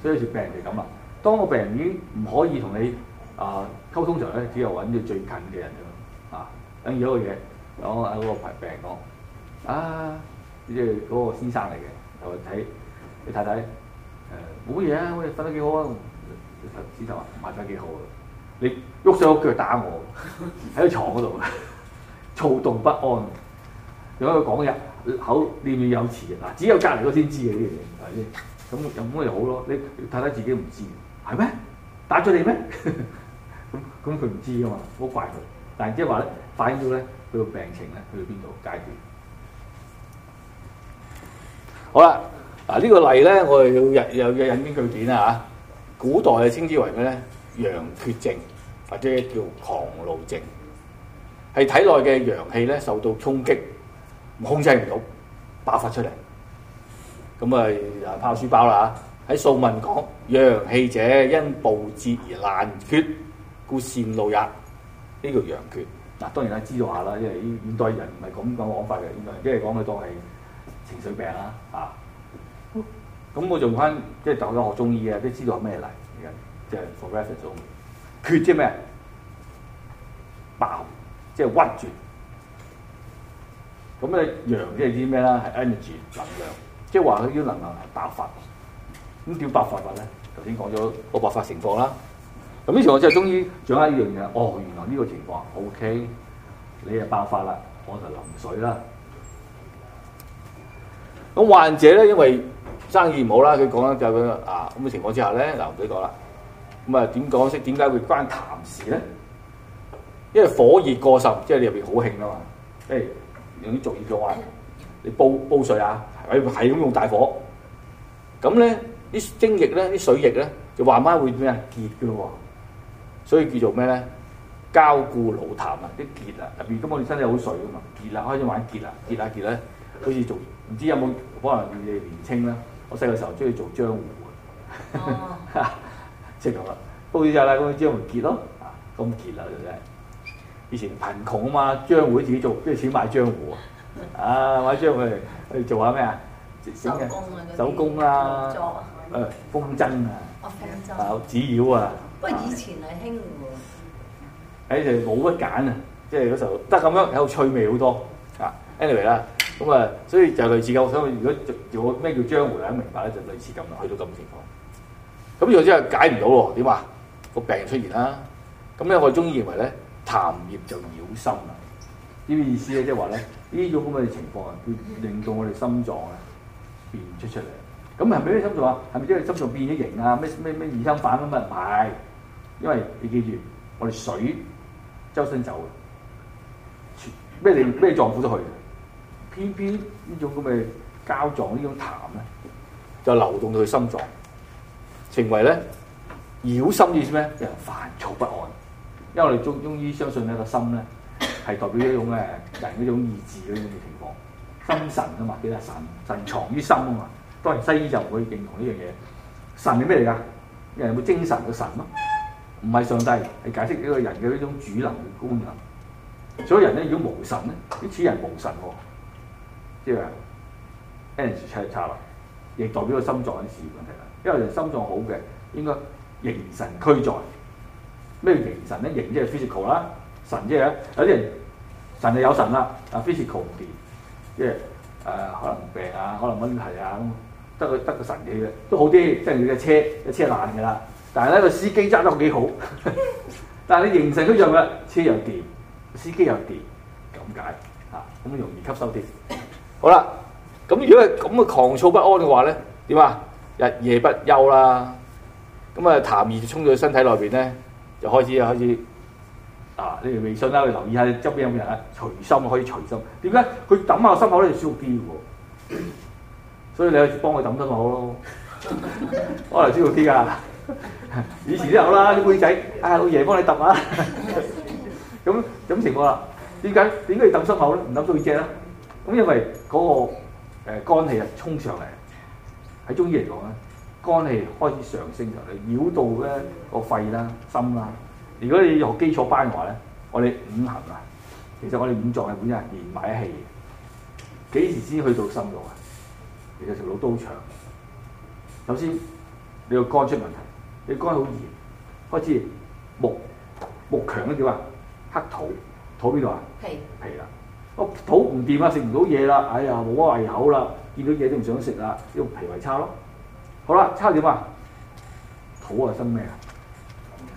S1: 所以就病人就咁啦。當個病人已經唔可以同你啊溝通嘅咧，只有揾最近嘅人咯。嚇，等於嗰個嘢講喺嗰個排病講啊。即係嗰個先生嚟嘅，就睇你太太誒冇嘢啊，我、呃、瞓得幾好啊。師父話瞓得幾好啊，你喐傷我腳打我喺床嗰度，躁動不安，如果佢講嘢，口念念有詞嘅嗱，只有隔離嗰先知嘅呢樣嘢，係先？咁又乜嘢好咯、啊？你太太自己唔知嘅，係咩打咗你咩？咁咁佢唔知啊嘛，唔好怪佢。但係即係話咧，反映到咧佢個病情咧去到邊度階段？好啦，嗱、這、呢個例咧，我哋要引又要引經據典啦嚇、啊。古代啊稱之為咩咧？陽厥症或者叫狂怒症，係體內嘅陽氣咧受到衝擊，控制唔到，爆發出嚟。咁、嗯、啊，拋書包啦嚇。喺《素問》講：陽氣者，因暴折而難決，故善怒也。呢、這個陽厥，嗱當然係知道下啦，因為現代人唔係咁講講法嘅，現代人即係講佢當情緒病啦、啊，啊，咁我用翻即係大家學中醫啊，都知道係咩嚟？而家即係 for reference，缺啲咩？爆，即係屈住。咁咧，陽即係啲咩啦？係 energy 能量，即係話佢啲能量係爆發。咁點爆發法咧？頭先講咗個爆發情況啦。咁呢場我即係中醫掌握一樣嘢，哦，原來呢個情況，OK，你係爆發啦，我就淋水啦。咁患者咧，因為生意唔好啦，佢講咧就佢啊咁嘅情況之下咧，嗱唔使講啦。咁啊點講識點解會關痰事咧？因為火熱過甚，即係你入邊好興啊嘛。誒、哎，用啲俗語講話，你煲煲水啊，係係咁用大火。咁咧啲精液咧、啲水液咧，就慢慢會咩啊結噶喎。所以叫做咩咧？膠固老痰啊，啲結啊，入邊咁我哋身體好水噶嘛，結啦開始玩結啦，結啊結咧，好似做。唔知有冇可能你年青啦？我細個時候中意做漿糊嘅，即係咁啦。煲啲就係咁樣漿糊結咯，咁結就真係！以前貧窮啊嘛，漿糊自己做，跟住錢買漿糊啊，啊買漿去去做下咩啊？手工啊，手工啊，誒、啊、風箏啊，啊紙鷂啊，啊
S2: 不過、啊、以前
S1: 係興喎，誒冇乜揀啊，即係嗰時候得咁樣，有趣味好多啊。Anyway 啦。咁啊、嗯，所以就類似嘅。我想，如果做咩叫江湖咧，明白咧就是、類似咁啦，去到咁嘅情況。咁又即係解唔到喎？點啊？個病出現啦。咁咧，我中醫認為咧，痰液就擾心啊。點嘅意思咧？即係話咧，呢種咁嘅情況啊，會令到我哋心臟咧變唔出出嚟。咁係咪啲心臟啊？係咪因為心臟變咗形啊？咩咩咩二尖瓣咁啊？唔係，因為你記住，我哋水周身走嘅，咩你，咩嘢臟腑都去偏偏呢種咁嘅膠狀呢種痰咧，就流動到佢心臟，成為咧繞心，意思咩？有人煩躁不安，因為我哋中中醫相信呢個心咧係代表一種誒人嗰種意志嗰啲咁嘅情況，心神啊嘛，記得神神藏於心啊嘛。當然西醫就唔會認同呢樣嘢，神係咩嚟㗎？人有冇精神嘅神咯，唔係上帝係解釋呢個人嘅一種主能嘅功能。所以人咧如果無神咧，你此人無神喎、啊。即係 e n 出一差啦，亦代表個心臟啲事問題啦。因為人心臟好嘅，應該形神俱在。咩形神咧？形即係 physical 啦，神即係有啲人神就有神啦。啊，physical 唔掂，即係誒、呃、可能病啊，可能問題啊，咁得個得個神嘅都好啲。即係你架車，架車爛㗎啦，但係咧個司機揸得幾好， 但係你形神一樣嘅，車又掂，司機又掂，咁解嚇，咁、啊、容易吸收啲。好啦，咁如果係咁嘅狂躁不安嘅話咧，點啊？日夜不休啦，咁啊痰就衝到身體內邊咧，就開始開始啊！你微信啦，你留意下，周邊有冇人啊？隨心可以隨心，點解佢抌下心口咧就舒服啲喎？所以你幫佢抌心口好咯，可能舒服啲噶。以前都有啦，啲妹仔，啊、哎、老爺幫你揼啊，咁咁情況啦。點解點解要抌心口咧？唔抌對只啦。咁因為嗰個誒肝氣啊，衝上嚟，喺中醫嚟講咧，肝氣開始上升就嚟繞到呢個肺啦、心啦。如果你學基礎班嘅話咧，我哋五行啊，其實我哋五臟係本身係連埋一氣嘅。幾時先去到心度啊？其實條路都好長。首先你個肝出問題，你肝好熱，開始木木強一啲啊，克土土邊度啊？脾脾啦。肚唔掂啊，食唔到嘢啦，哎呀冇胃口啦，見到嘢都唔想食啦，呢個脾胃差咯。好啦，差點啊，肚啊生咩啊？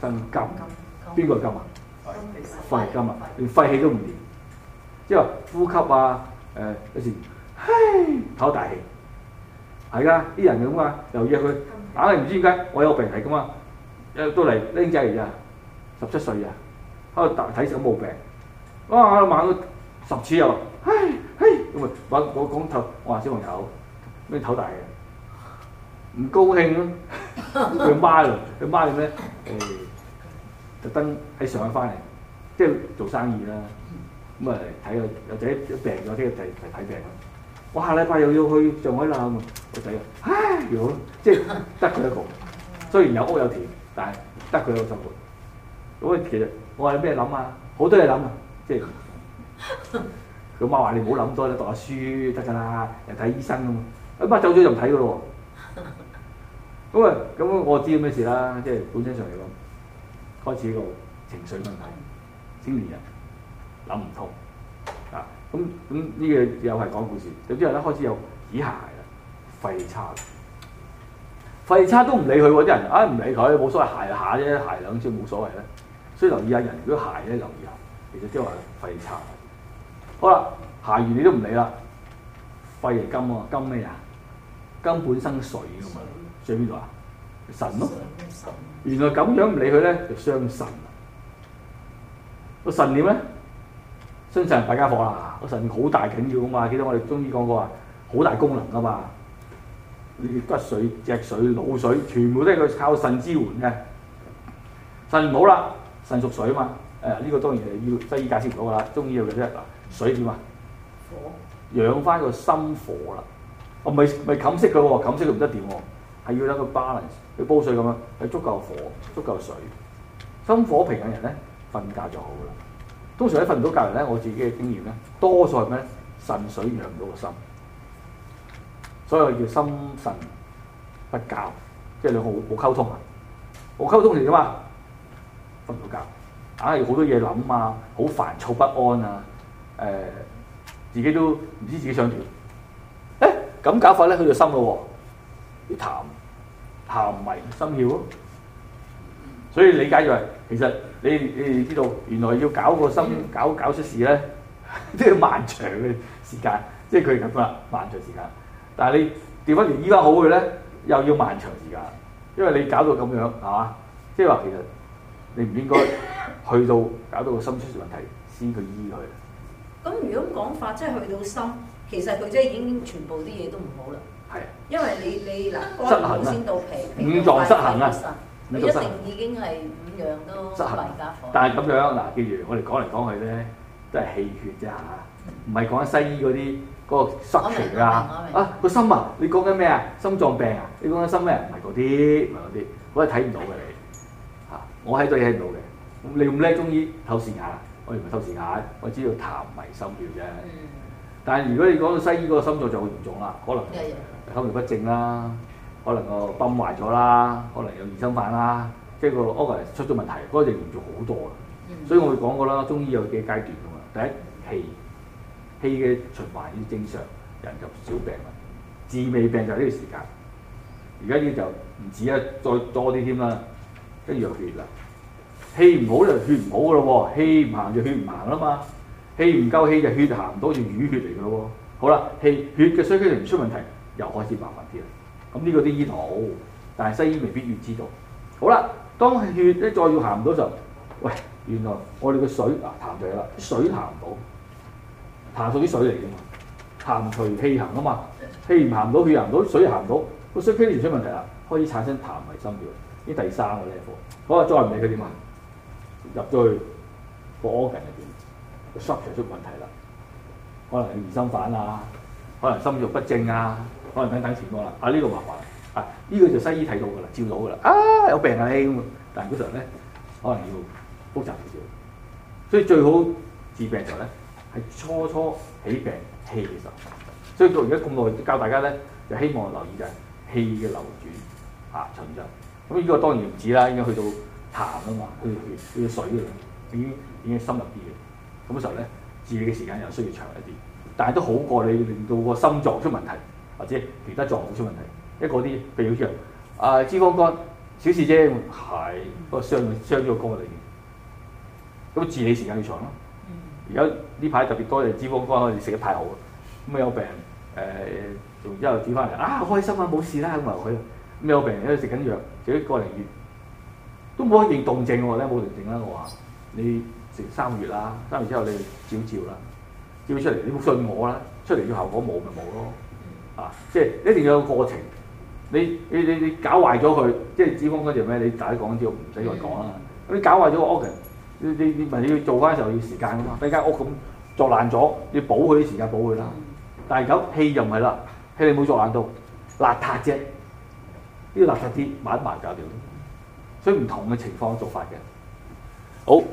S1: 生金。邊個係金啊？肺金啊，連肺氣都唔掂，即係呼吸啊，誒、呃、有時嘿唞大氣，係啊，啲人咁啊，又約佢，硬係唔知點解，我有病係咁啊，又到嚟拎仔嚟咋，十七歲咋，喺度睇小毛病，哇、啊、晚。啊十次又，嘿嘿，咁咪我我講頭，我話小朋友咩頭大嘅，唔高興咯。
S3: 佢媽
S1: 佢媽點咧？誒、呃，特登喺上海翻嚟，即係做生意啦。咁啊睇個個仔病，個仔嚟嚟睇病。我下禮拜又要去上海啦嘛。個仔，唉，如、呃、果即係得佢一個，雖然有屋有田，但係得佢一個生活。咁、嗯、其實我話有咩諗啊？好多嘢諗啊，即係。佢媽話你唔好諗多啦，讀下書得噶啦，又睇醫生。阿媽走咗就唔睇噶咯。咁、嗯、啊，咁、嗯嗯、我知咁嘅事啦？即係本身上嚟講，開始一個情緒問題，青年人諗唔通啊。咁咁呢個又係講故事。咁之後咧開始有趾鞋啦，廢叉，廢叉。廢叉都唔理佢啲人，啊唔理佢冇所謂，鞋下啫，鞋，鞋兩次冇所謂咧。所以留意下人，如果鞋咧留意下，其實即係話廢叉。廢叉。好啦，下完你都唔理啦，肺係金啊，金咩呀？金本生水嘅嘛，水邊度啊？神咯、啊，神神原來咁樣唔理佢咧，就傷腎。個神念咧？相信大家伙啦，個腎好大緊要啊嘛，記得我哋中醫講過啊，好大功能啊嘛。你骨髓、脊髓、腦水，全部都係佢靠腎支援嘅。腎冇啦，腎屬水啊嘛。誒、哎，呢、這個當然係要西醫解釋唔到噶啦，中醫嚟嘅啫。水點啊？火養翻個心火啦！哦，咪咪冚熄佢喎，冚熄佢唔得掂喎？係、啊、要等佢 balance 去煲水咁樣，有足夠火、足夠水。心火平嘅人咧，瞓覺就好啦。通常咧瞓唔到覺咧，我自己嘅經驗咧，多數係咩咧？腎水養唔到個心，所以我叫心腎不交，即係兩個冇溝通啊！冇溝通嚟嘅嘛，瞓唔到覺，硬係好多嘢諗啊，好煩躁不安啊！誒、呃、自己都唔知自己想點，誒咁搞法咧，去到心咯喎、哦，啲痰痰迷心竅、哦，所以理解就係、是、其實你你知道原來要搞個心搞搞出事咧，都 要漫長嘅時間，即係佢咁啦，漫長時間。但係你調翻調醫翻好嘅咧，又要漫長時間，因為你搞到咁樣係嘛，即係話其實你唔應該去到搞到個心出事問題先去醫佢。
S2: 咁如果講法，即係去到心，其實佢即係已經全部啲嘢都唔好啦。係，因為你你嗱，過唔先到皮，五臟失衡皮都一定
S1: 已經係五樣都失衡。但係咁樣嗱，譬如我哋講嚟講去咧，都係氣血呀，唔係講西醫嗰啲嗰個塞橋啊，啊個心啊，你講緊咩啊？心臟病啊？你講緊心咩？唔係嗰啲，唔係啲，嗰啲睇唔到嘅你嚇，我喺度睇唔到嘅。你用叻中醫，透視下。我唔係透視眼，我知道痰迷心竅啫。嗯、但係如果你講到西醫個心臟就好嚴重啦，可能心律、嗯、不正啦，可能個泵壞咗啦，可能有二生犯啦，即係個屋係出咗問題，嗰、那個、就嚴重好多啦。嗯、所以我講過啦，中醫有幾個階段㗎嘛，第一氣氣嘅循環要正常，人就少病啊。治未病就係呢個時間，而家呢就唔止啊，再多啲添啦，跟住有血啦。氣唔好就血唔好噶咯喎，氣唔行就血唔行啦嘛。氣唔夠氣就血行唔到，就淤血嚟噶咯喎。好啦，氣血嘅衰機唔出問題，又開始麻煩啲啦。咁呢個啲醫道，但係西醫未必越知道。好啦，當血一再要行唔到時候，喂，原來我哋嘅水啊痰除啦，水行唔到，痰同啲水嚟噶嘛，痰隨氣行啊嘛，氣唔行到，血行唔到，水行唔到，個衰機自然出問題啦，可以產生痰迷心竅，呢第三個 level。好啦，再唔理佢點啊！入咗去個 organ 入邊 structure 出問題啦，可能係疑心煩啊，可能心慾不正啊，可能等等情況啦。啊呢、這個麻煩，啊呢、這個就西醫睇到噶啦，照到噶啦，啊有病啊你咁，但係嗰時候咧可能要複雜少少，所以最好治病就咧係初初起病氣嘅時候，所以到而家咁耐教大家咧，就希望留意就係、是、氣嘅流轉啊循週，咁呢個當然唔止啦，應該去到。鹹啊嘛，佢佢水嘅已經已經深入啲嘅，咁時候咧治理嘅時間又需要長一啲，但係都好過你令到個心臟出問題或者其他臟器出問題，因為啲譬如好似啊脂肪肝小事啫，係個傷傷咗肝嚟嘅，咁治理時間要長咯。而家呢排特別多隻脂肪肝，你食得太好咁有病做然之後治翻嚟啊開心啊，冇事啦，咁啊佢，咁有病喺度食緊藥，自己過嚟醫。都冇一定動靜喎，你冇定靜啦，我話你成三月啦，三月之後你照照啦，照出嚟你信我啦，出嚟要效果冇咪冇咯，啊，即係一定要有過程，你你你你搞壞咗佢，即係脂肪肝就咩？你大家講咗，唔使再講啦。嗯、你搞壞咗個屋嘅，你你你咪你要做翻嘅時候要時間噶嘛，等間屋咁作爛咗，你要補佢啲時間補佢啦。但係搞氣又唔係啦，氣你冇作爛到，邋遢啫，啲邋遢啲抹一抹搞掂。佢唔同嘅情況做法嘅，好，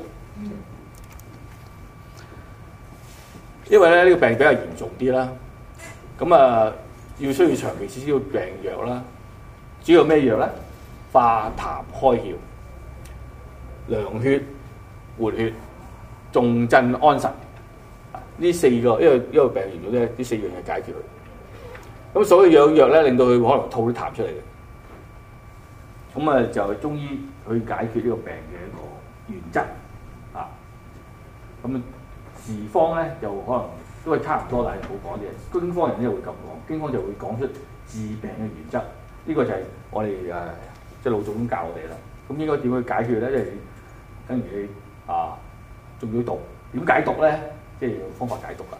S1: 因為咧呢、這個病比較嚴重啲啦，咁啊要需要長期只需嘅病藥啦，主要咩藥咧？化痰開竅、涼血活血、重鎮安神，呢四個因為因為病完咗咧，呢四樣嘢解決佢，咁所以有藥咧令到佢可能吐啲痰出嚟嘅。咁啊，就係中醫去解決呢個病嘅一個原則啊。咁時方咧就可能都係差唔多，但係好講嘅。經方人咧會咁講，經方就會講出治病嘅原則。呢、這個就係我哋誒即係老祖宗教我哋啦。咁應該點去解決咧？即、就、係、是、等於你啊中咗毒，點解毒咧？即、就、係、是、有方法解毒啦。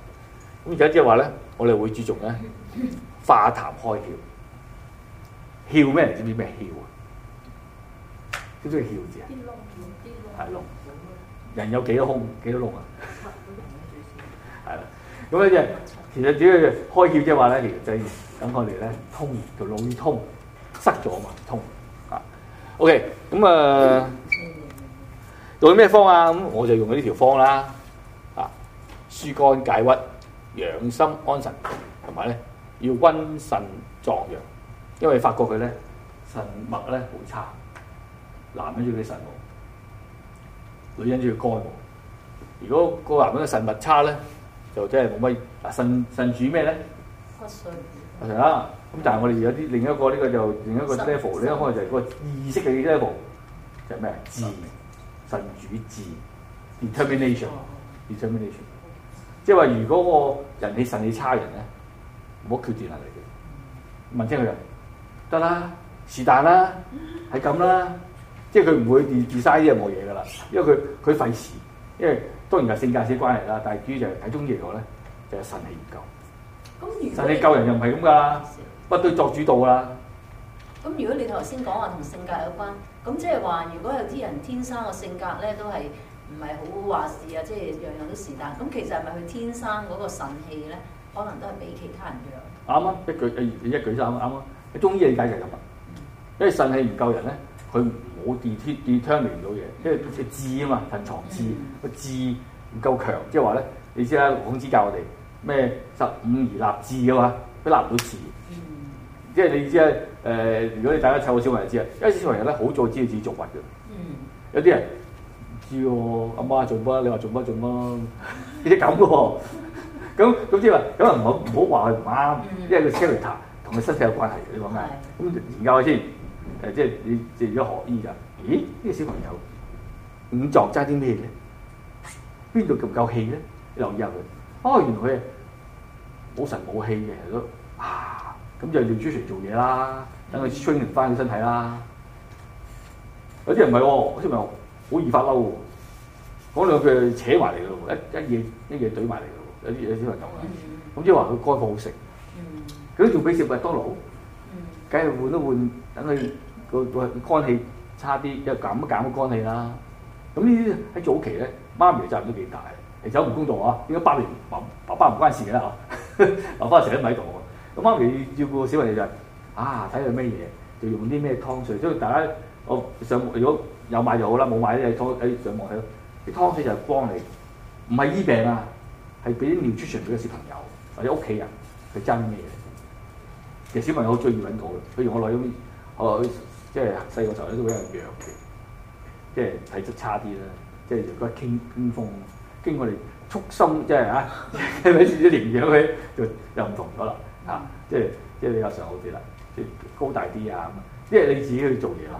S1: 咁而家即係話咧，我哋會注重咧化痰開竅。竅咩？你知唔知咩竅啊？都解要竅字啊？係竅、嗯，人有幾多空？幾多竅啊？係啦、 嗯，咁咧即其實主要開竅即係話咧，其實就係等我哋咧通條腦淤通塞咗嘛，通啊。OK，咁啊做用咩方啊？咁我就用咗呢條方啦、啊。啊，疏肝解鬱、養心安神，同埋咧要溫腎壯陽，因為發覺佢咧腎脈咧好差。男人中意腎霧，女人中意肝霧。如果個男人嘅神物差咧，就真係冇乜。嗱，腎腎主咩
S3: 咧？
S1: 骨啦、啊，咁、啊、但係我哋有啲另一個呢、呢個就另一個 level，神另一個就係個意識嘅 level，就係咩？志智，腎主志，determination，determination、嗯。即係話，如果個人氣神氣差人咧，冇決斷力嘅。問清佢哋，得啦，嗯、是但啦，係咁啦。即係佢唔會 design 啲就冇嘢㗎啦，因為佢佢費事，因為當然係性格先關係啦。但係主要就係睇中醫嚟講咧，就係、是、腎氣唔夠。咁如果腎氣夠人又唔係咁㗎，骨都作主導㗎啦。咁如
S2: 果你頭先講話同性格有關，咁即係話如果有啲人天生個性格咧都係唔係好話事啊，即、就、係、是、樣樣都是但咁，其實係咪佢天
S1: 生嗰個腎氣咧，可能都係比其他人弱？啱啊，一舉一一舉三啱啊，喺中醫嚟解就係咁啊，因為腎氣唔夠人咧，佢。冇地推，地推嚟唔到嘢，因為個字啊嘛，訓床字個字唔夠強，即係話咧，你知啦，孔子教我哋咩十五而立志啊嘛，佢立唔到字，嗯、即係你知啦，誒、呃，如果你大家湊個小朋友知啊，因為小朋友族咧好早知自己做乜嘅，有啲人唔知喎，阿媽做乜？你話做乜做乜？呢啲咁嘅喎，咁咁、嗯、即係話，咁啊唔好唔好話佢唔啱，因為個 character 同佢身體有關係，你講嘅，咁研究先。誒，即係你自一學醫就，咦？呢、這個小朋友五臟差啲咩咧？邊度唔夠氣咧？你留意下佢。哦，原來佢冇神冇氣嘅，都啊，咁就要 training 做嘢啦，等佢 training 翻身體啦。嗯、有啲人唔係喎，有啲咪好易發嬲嘅，講兩句扯埋嚟嘅喎，一一嘢一嘢懟埋嚟嘅喎，有啲嘢小朋友咁即係話佢肝冇好食，佢都仲比食麥當勞。梗係換一換，等佢個個肝氣差啲，又減一減個肝氣啦。咁呢啲喺早期咧，媽咪嘅責任都幾大，其我唔公作啊，應該八年爸爸唔關事嘅啦，嗬，留翻阿仔咪喺度。咁媽咪要照顧小朋友就係啊，睇佢咩嘢，就用啲咩湯水。所以大家我上，如果有買就好啦，冇買咧，上網睇咯。啲湯水就係幫你，唔係醫病啊，係俾啲尿 u t r 俾個小朋友或者屋企人，係真嘅嘢。其實小朋友好鍾意揾我嘅，譬如我女咁，我即係細個時候咧都會有弱嘅，即係體質差啲啦，即係如果傾風，經過我哋促生，即係啊，咪先啲年長嘅就又唔同咗啦，啊，即係即係比較上好啲啦，即係高大啲啊咁，因為你自己去做嘢咯，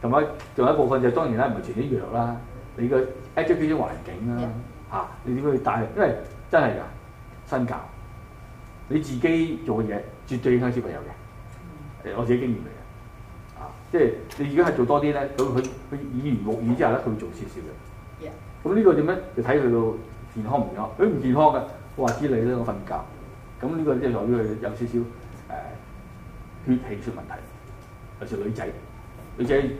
S1: 同埋仲有一部分就是、當然啦，唔係全啲藥啦，你個 environment 環境啦，嚇、啊，你點樣去帶？因為真係㗎，身教。你自己做嘅嘢，絕對影響小朋友嘅。誒、嗯，我自己經驗嚟嘅，啊，即係你而家係做多啲咧，咁佢佢耳濡目染之下，咧，佢做少少嘅。咁呢、嗯嗯這個點咧？就睇佢個健康唔健康。佢唔健康嘅，我話知你啦。我瞓覺。咁、嗯、呢、這個即係由於佢有少少誒、呃、血氣出問題。尤其是女仔，女仔血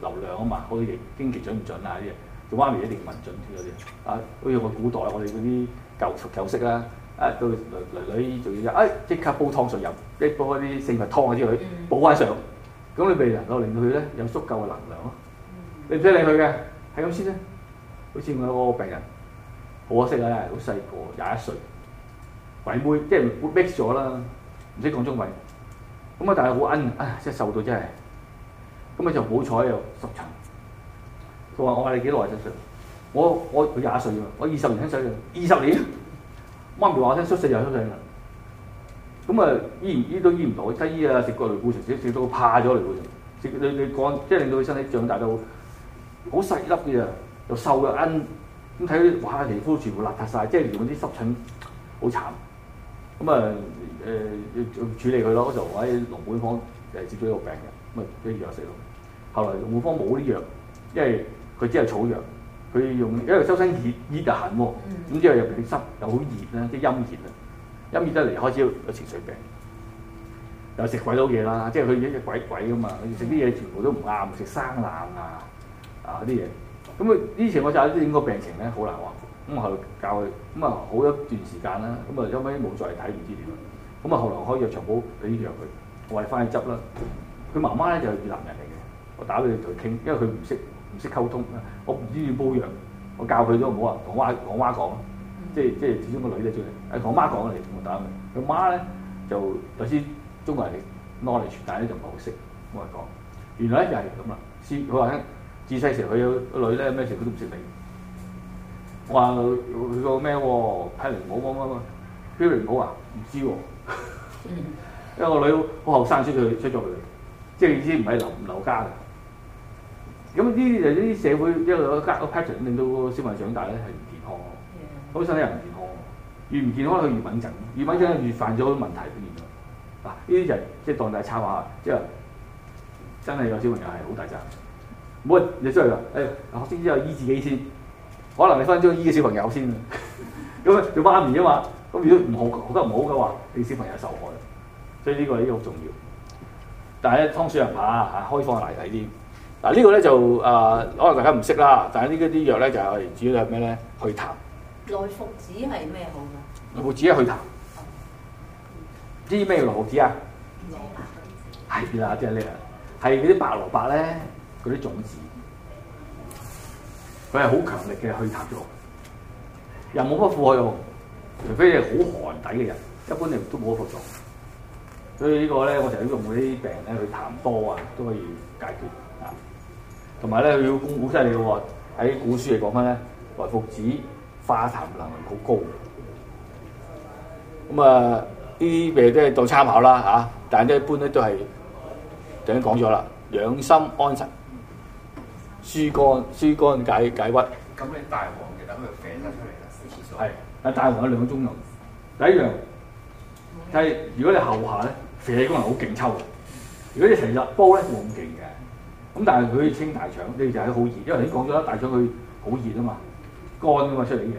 S1: 流量啊嘛，好似嚟經期準唔準啊啲嘢。做媽咪一定問準啲嗰啲。啊，好似我古代我哋嗰啲舊舊式啦。啊，到女女仲要就，哎，即刻煲湯水飲，即煲嗰啲四物湯之類，補翻上。咁你未能夠令到佢咧有足夠嘅能量咯，你唔使理佢嘅，係咁先啦。好似我個病人，好可惜啊，好細個，廿一歲，鬼妹，即係 mix 咗啦，唔識講中文。咁啊，但係好奀，啊，真係瘦到真係。咁啊，就好彩又十層。佢話：我話你幾耐？真係我我佢廿歲喎，我二十年先死二十年。媽咪話我聽縮細又縮細啦，咁啊醫唔醫都醫唔到，西醫啊食各類固醇少少都怕咗類固醇，食你你講即係令到佢身體長大到好細粒嘅啊，又瘦又奀，咁睇到，哇皮膚全部邋遢晒，即係用啲濕疹好慘，咁啊誒處理佢咯，嗰時候我喺龍門方誒接咗一個病人，咁啊啲藥食到，後來龍門方冇呢藥，因為佢只係草藥。佢用因為周身、啊 mm hmm。熱熱得很喎，咁之後入面啲濕又好熱咧，即係陰熱啦，陰熱得嚟開始有，有情緒病，又食鬼佬嘢啦，即係佢一隻鬼鬼咁啊！食啲嘢全部都唔啱，食生冷啊啊啲嘢，咁佢以前我就都影過病情咧、嗯，好難話。咁我嚟教佢，咁啊好一段時間啦，咁啊後尾冇再睇，唔知點啦。咁啊後來開藥長煲俾啲藥佢，我哋翻去執啦。佢媽媽咧就係越南人嚟嘅，我打俾佢同佢傾，因為佢唔識。唔識溝通，我唔知要煲養我教佢都唔好啊，講媽講媽講，即係即係，始終個女咧出嚟，誒講媽你同我打佢，佢媽咧就頭先中國人 knowledge 大咧就唔係好識，我嚟講，原來咧就係咁啦，先佢話自細時佢有個女咧咩事佢都唔識明，我話去個咩喎，睇嚟好乜乜乜，邊嚟冇啊？唔知
S3: 喎，
S1: 因為個女好後生出咗去，出咗去，即係意思唔係留唔留家嘅。咁呢啲就呢啲社會一個個 pattern 令到小朋友長大咧係唔健康，咁身體又唔健康，越唔健康佢越敏感，越敏感越犯咗問題變咗。嗱，呢啲就即係當大插話，即係真係個小朋友係好大責任，唔好你出去啦，誒、欸，先之後醫自己先，可能你分張醫個小朋友先咁啊，做媽咪啊嘛，咁 如果唔好學得唔好嘅話，你小朋友受害，所以呢個呢個好重要。但係湯水人怕嚇，開放又難睇啲。嗱，呢個咧就啊，可能大家唔識啦，但係呢啲啲藥咧就係主要係咩咧？去痰。
S2: 內服子係咩好
S1: 㗎？內服子係去痰。知咩蘿蔔子啊？蘿蔔。係啦，真係叻啊！係嗰啲白蘿蔔咧，嗰啲種子，佢係好強力嘅去痰作用，又冇乜副作用，除非你好寒底嘅人，一般你都冇副作用。所以呢個咧，我就要用嗰啲病人咧去痰多啊，都可以解決。同埋咧，佢要功古犀利嘅喎，喺古書嚟講翻咧，萊菔子化痰能力好高。咁啊，呢啲嘢都係當參考啦嚇、啊。但係咧，一般咧都係就已經講咗啦，養心安神、舒肝疏肝解解鬱。咁你大黃其實佢肥得出嚟啦，去廁所。係啊，但大黃有兩個作用。第一樣就係、是、如果你後下咧，肥氣功能好勁抽，如果你成日煲咧，冇咁勁嘅。咁但係佢清大腸，呢就係、是、好熱，因為你講咗啦，大腸佢好熱啊嘛，乾啊嘛出嚟嘅，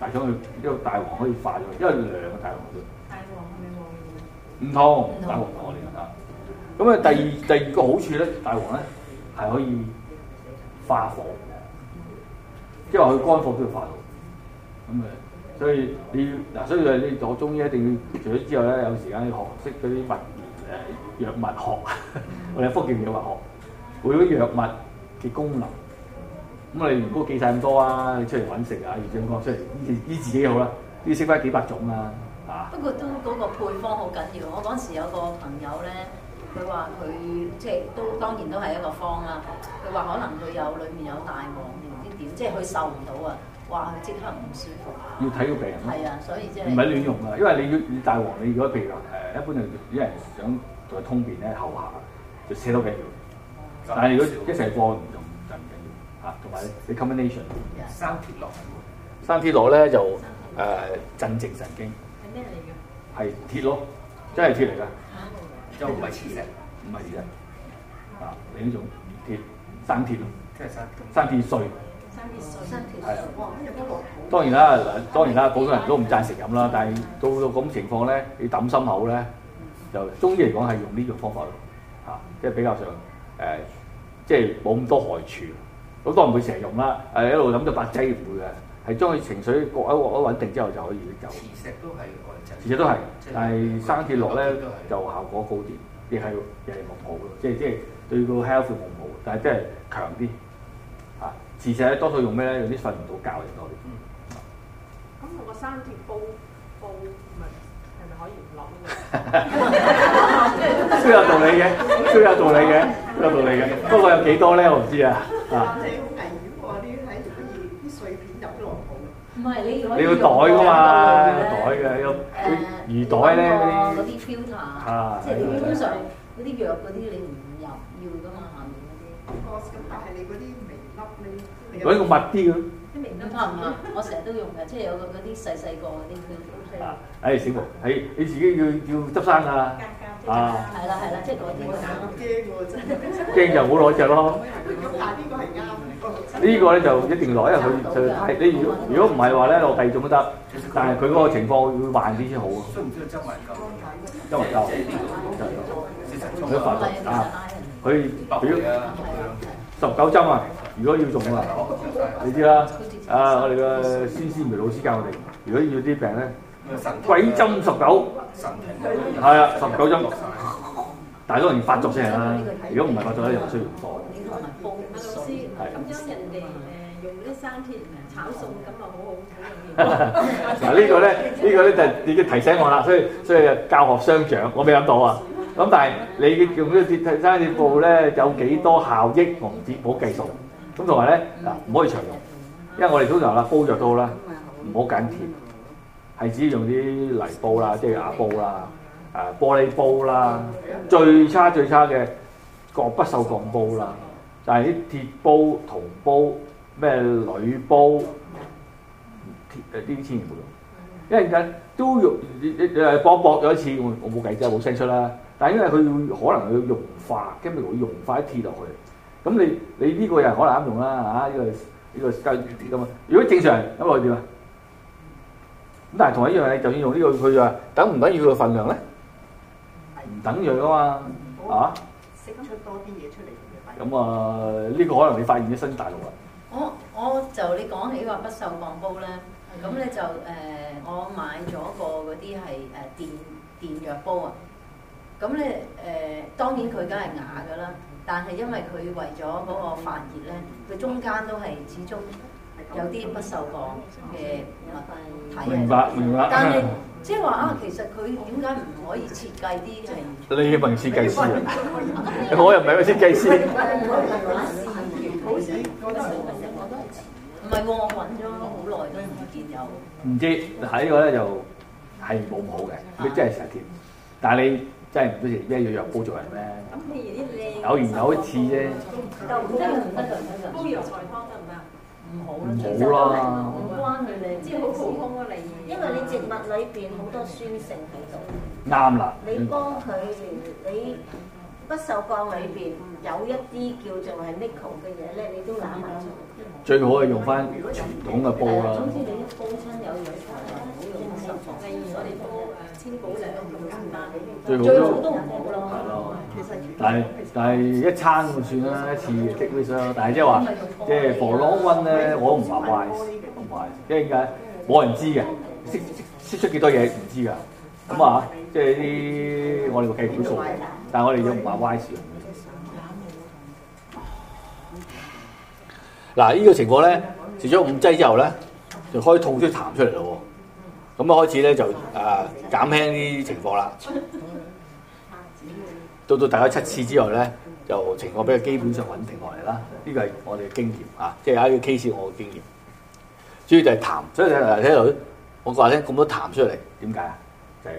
S1: 大腸佢呢個大黃可以化咗，因為涼啊大黃都。大黃王唔同，同大黃同我哋啊，咁啊、嗯、第二第二個好處咧，大黃咧係可以化火，即係話佢肝火都要化火，咁啊，所以你嗱，所以你做中醫一定要，除咗之後咧，有時間要學識嗰啲物誒藥物學， 我哋福建嘅藥物學。每種藥物嘅功能，咁你如果記曬咁多啊！你出嚟揾食啊，袁長江出嚟醫，醫自己好啦，都要識翻幾百種啊，嚇！
S2: 不過都嗰、這個配方好緊要。我嗰時有個朋友咧，佢話佢即係都當然都係一個方啦。佢話可能佢有裏面有大黃，唔知
S1: 點，即係佢受唔到啊，嘩佢即刻唔舒服。要睇個病人。係啊，所以即係唔係亂用啊？因為你要大黃，你如果譬如話誒，一般係啲人想同佢通便咧，後下就寫到幾條。但係如果一成過唔用，就唔緊要，嚇，同埋你 combination 生鐵落，生鐵落咧就誒鎮靜神經。係咩嚟嘅？係鐵咯，真係鐵嚟㗎，就唔係磁力，唔係磁力。啊，你呢種鐵生鐵
S3: 咯，即係生
S1: 生鐵碎。生鐵碎，生鐵碎。當然啦，嗱，當然啦，普通人都唔贊成飲啦，但係到到咁情況咧，你抌心口咧，就中醫嚟講係用呢個方法咯，嚇，即係比較上。誒、 呃，即係冇咁多害處，咁當然唔會成日用啦。誒一路諗到百劑唔會嘅，係將佢情緒各一各一穩定之後就可以咧就。磁石都係
S3: 磁石。都係，但係生鐵落咧
S1: 就效果高啲，亦係亦係冇即係即係對個 health 冇冇，但係即係強啲嚇。磁、啊、石多數用咩咧？用啲瞓唔到覺嚟多啲。咁同個生
S3: 鐵煲煲咪。可以落嘅，都有道理嘅，都有道理嘅，都有道理嘅。不過有幾多咧，我唔知啊。啊！有啲好危險喎，啲喺啲啲碎片入落去。唔係，你要你要袋㗎嘛，袋嘅有魚袋咧嗰啲。嗰啲 filter 啊，即係你通常嗰啲藥
S1: 嗰啲，你唔入要㗎嘛，下面嗰啲。咁但係你嗰啲微粒咧，嗰啲要密啲
S2: 㗎。啲微粒啊嘛，我成日都用嘅，即係有個嗰啲細細個嗰啲。
S1: 啊！誒、哎，小吳，你、哎、你自己要要執生啊！啊，係啦係啦，
S2: 即
S3: 係攞隻啊！驚就唔好攞
S1: 隻咯。呢 個
S3: 係啱
S2: 呢個
S1: 咧就一定攞，因為佢就你如果如果唔係話咧，我第二種都得。但係佢嗰個情況會慢啲先好。需唔需要執埋嚿？執埋嚿。啊，可以。如果十九針啊，如果要種啊，你知啦、啊。啊，我哋嘅孫思邈老師教我哋，如果要啲病咧。鬼針十九，係啊，十九針，但係都人發作先係啦。如果唔係發作咧，又唔
S3: 需要。嗱呢個咧，呢個咧
S1: 就已經提醒我啦。所以所以教學相長，我未諗到啊。咁但係你用呢啲生鐵布咧，有幾多效益？我唔知，唔好計數。咁同埋咧，嗱，唔可以長用，因為我哋通常啦，煲藥都好啦，唔好緊貼。係只用啲泥煲啦，即係瓦煲啦，誒、啊、玻璃煲啦，最差最差嘅鋼不鏽鋼煲啦，但係啲鐵煲、銅、就是、煲、咩鋁煲，鐵，誒啲黐唔到，一陣間都用你你誒搏搏咗一次，我我冇計啫，冇聲出啦。但因為佢要可能要融化，跟住會融化啲鐵落去，咁你你呢個人可能啱用啦嚇，呢、啊呢個呢、呢個咁啊、呢個。如果正常咁，我點啊？但係同一樣嘢，就算用呢個佢話，等唔等於佢個份量咧？唔等樣噶嘛，好啊？釋
S2: 出多啲嘢
S1: 出嚟。咁啊，呢、這個可能你發現啲新大陸啦。
S2: 我我就你講起話不鏽鋼煲咧，咁咧就誒、呃，我買咗個嗰啲係誒電電藥煲啊。咁咧誒，當然佢梗係瓦噶啦，但係因為佢為咗嗰個發熱咧，佢中間都係始終。有啲
S1: 不鏽鋼嘅明白明白。但
S3: 係
S2: 即係話啊，其實
S1: 佢點解唔可以設計啲？你要問
S2: 設計師，我又唔係嗰啲設計師。唔係喎，我
S1: 揾咗好耐都唔見有。唔知喺呢個咧就係冇咁好嘅，你真係成日貼。但係你真係唔知意思，咩用藥膏做人咩？
S2: 有完有一
S1: 次啫。好啦，
S2: 唔關你哋，即係好普通嘅利益。因為你植物裏邊好多酸性喺度，
S1: 啱啦了，你
S2: 幫佢，嗯、你不鏽鋼裏邊有一啲叫做係 nickel 嘅嘢咧，你都攬埋出嚟。
S1: 了最好係用翻傳統嘅煲啦。保兩五千萬，最好 I mean 都係咯。其實，但係但係一餐咁算啦，一次的啲傷。但係即係話，即係防狼運咧，我都唔話壞，唔壞。即係點解？冇人知嘅，釋釋出幾多嘢唔知㗎。咁啊，即係啲我哋會計檢控，但係我哋都唔話壞事。嗱，呢個情況咧，除咗五劑之後咧，就開痛出痰出嚟咯。咁一開始咧就啊、呃、減輕啲情況啦，到 到大家七次之外咧，就情況比較基本上穩定落嚟啦。呢個係我哋嘅經驗啊，即係有一個 case 我嘅經驗。主要就係痰，所以你睇到，我話咧咁多痰出嚟，點解啊？就係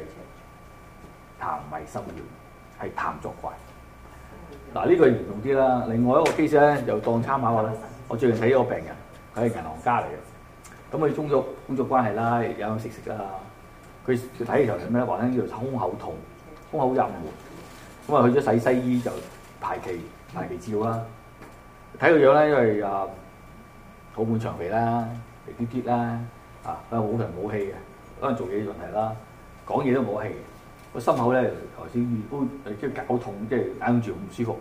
S1: 痰迷心竅，係痰作怪。嗱，呢個嚴重啲啦。另外一個 case 咧，又當參考下啦。我最近睇一個病人，佢係銀行家嚟嘅。咁佢中咗工作關係啦，飲飲食食啦。佢睇嘅時候咩咧？話咧叫胸口痛，Yes. 胸口入門。咁啊去咗睇西醫就排期排期，照啦。睇個樣咧，因為啊好滿長肥啦，肥啲啲啦，啊啊冇神冇氣嘅，可能做嘢嘅問題啦，講嘢都冇氣嘅。個心口咧頭先即係攪痛，即係捱住唔舒服。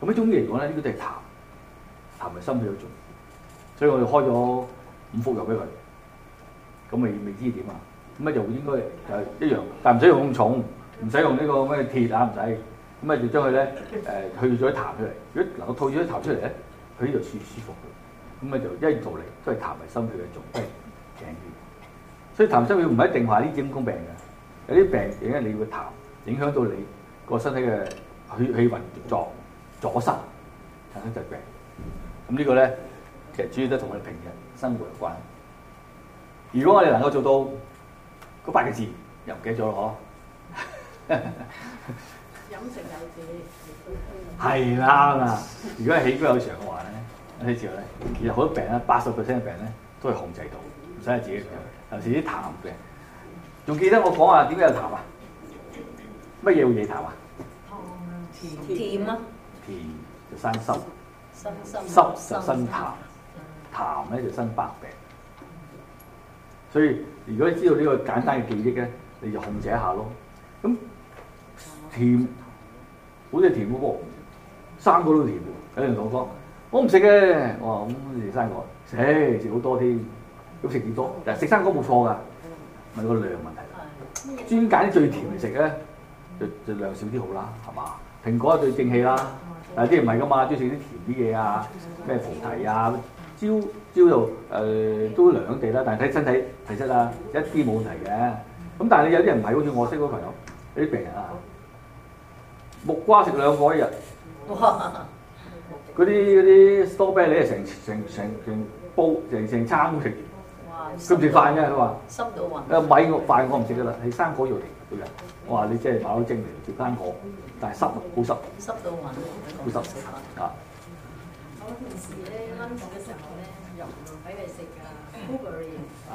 S1: 咁一總結嚟講咧，呢個都係痰，痰係心氣好重，所以我哋開咗。五副藥俾佢，咁你未知點啊？咁啊就應該就一樣，但唔使用咁重，唔使用呢個咩鐵啊唔使。咁啊就將佢咧誒去咗痰出嚟。如果能夠退咗痰出嚟咧，佢呢度舒舒服。咁啊就一做嚟都係痰係心血嘅重病源。所以痰濕血唔一定話呢啲咁公病㗎，有啲病原因你會痰影響到你個身體嘅血氣運作阻塞，產生疾病。咁呢個咧其實主要都同我哋平日生活有關。如果我哋能夠做到嗰八個字，又唔記得咗咯～呵，呵， 飲食有節，係啦，如果係起居有常嘅話咧，啲字咧，其實好多病咧，八十 percent 嘅病咧都係控制到，唔使自己調。尤其是啲痰嘅，仲記得我講話點解有痰啊？乜嘢會惹痰啊？甜啊。甜就生濕，
S2: 濕就生痰。深深生痰咧
S1: 就生百病，所以如果你知道呢個簡單嘅記憶咧，你就控制一下咯。咁甜，好似甜嗰個生果都甜，喺度同我講，我唔食嘅。哇，咁食生果，食食好多添，咁食幾多？但食生果冇錯噶，咪個，個量問題。專揀啲最甜嚟食咧，就就量少啲好啦，係嘛？蘋果最正氣啦，但啲唔係噶嘛，中意食啲甜啲嘢啊，咩菩提啊～朝朝就誒都涼地啦，但係睇身體體質啦，一啲冇問題嘅。咁但係你有啲人唔係好似我識嗰個朋友，有啲病人啊，木瓜食兩個一日，嗰啲嗰啲士多啤梨啊，成成成成煲成成餐食，
S2: 佢唔食飯嘅，佢話濕
S1: 到米飯我唔食得啦，係生果要嚟嘅。我話你真係飽到精嚟食生果，但係濕好濕，濕
S2: 到
S1: 暈，好濕啊！
S2: 嗰陣時咧，攬糖嘅時候
S1: 咧，油 啊，俾佢食啊，honey 啊，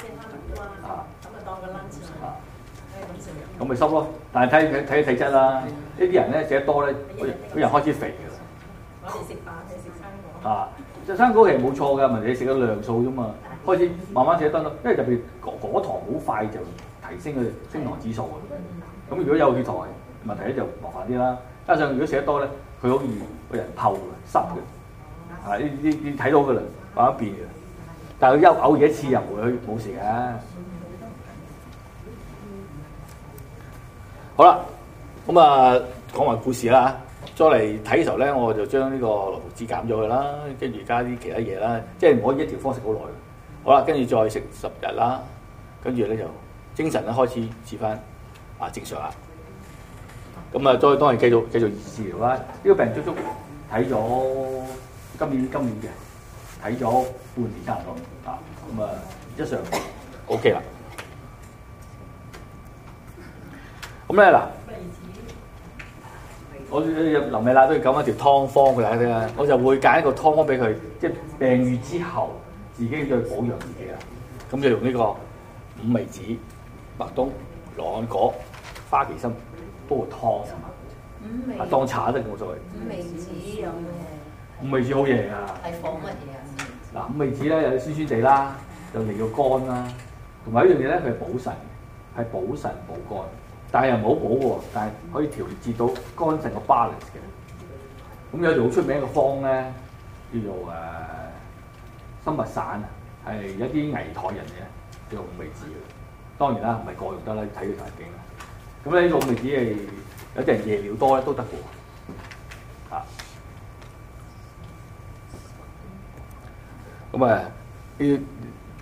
S1: 誒，其啊，咁啊，當個攬糖啊，係咁食。咁咪濕咯，但係睇佢睇體質啦。看看呢啲人咧食得多咧，佢人啲人，人開始肥㗎啦。食
S3: 食
S1: 飯，食食生果。啊，食生果其實冇錯㗎，問你食咗量數啫嘛，開始慢慢食得咯，因為特邊果糖好快就提升佢升糖指數，咁如果有血糖問題咧，就麻煩啲啦。加上如果食得多咧。佢好易個人透嘅濕嘅，係呢呢呢睇到佢啦，慢緊變嘅。但係佢休嘔嘢一次又冇冇事嘅。好啦，咁啊講埋故事啦，再嚟睇嘅時候咧，我就將呢個羅布茲減咗佢啦，跟住加啲其他嘢啦。即係唔可以一條方式好耐嘅。好啦，跟住再食十日啦，跟住咧就精神咧開始似翻啊正常啦。咁啊，再當然繼續繼續治療啦。呢、這個病足足睇咗今年今年嘅睇咗半年差唔多啊。咁啊，一上 O K 啦。咁咧嗱，呢子我入臨尾都要講一條湯方俾大家聽。我就會揀一個湯方俾佢，即係病愈之後自己再保養自己啦。咁就用呢、這個五味子、麥冬、羅漢果、花旗參。煲個湯
S2: 啊，五味啊當茶都冇所謂。
S1: 五味子有咩？五味子好邪啊！係放乜嘢啊？嗱，五味子咧有啲酸酸地啦，又嚟到乾啦，同埋一樣嘢咧，佢係補腎嘅，係補腎補肝，但係又唔好補喎，但係可以調節到肝腎嘅 balance 嘅。咁有一樣好出名嘅方咧，叫做誒生脈散啊，係一啲危殆人嘅叫做五味子嘅。當然啦，唔係個用得啦，睇佢大經咁咧呢種維只係有啲人夜尿多咧都得嘅，嚇。咁要，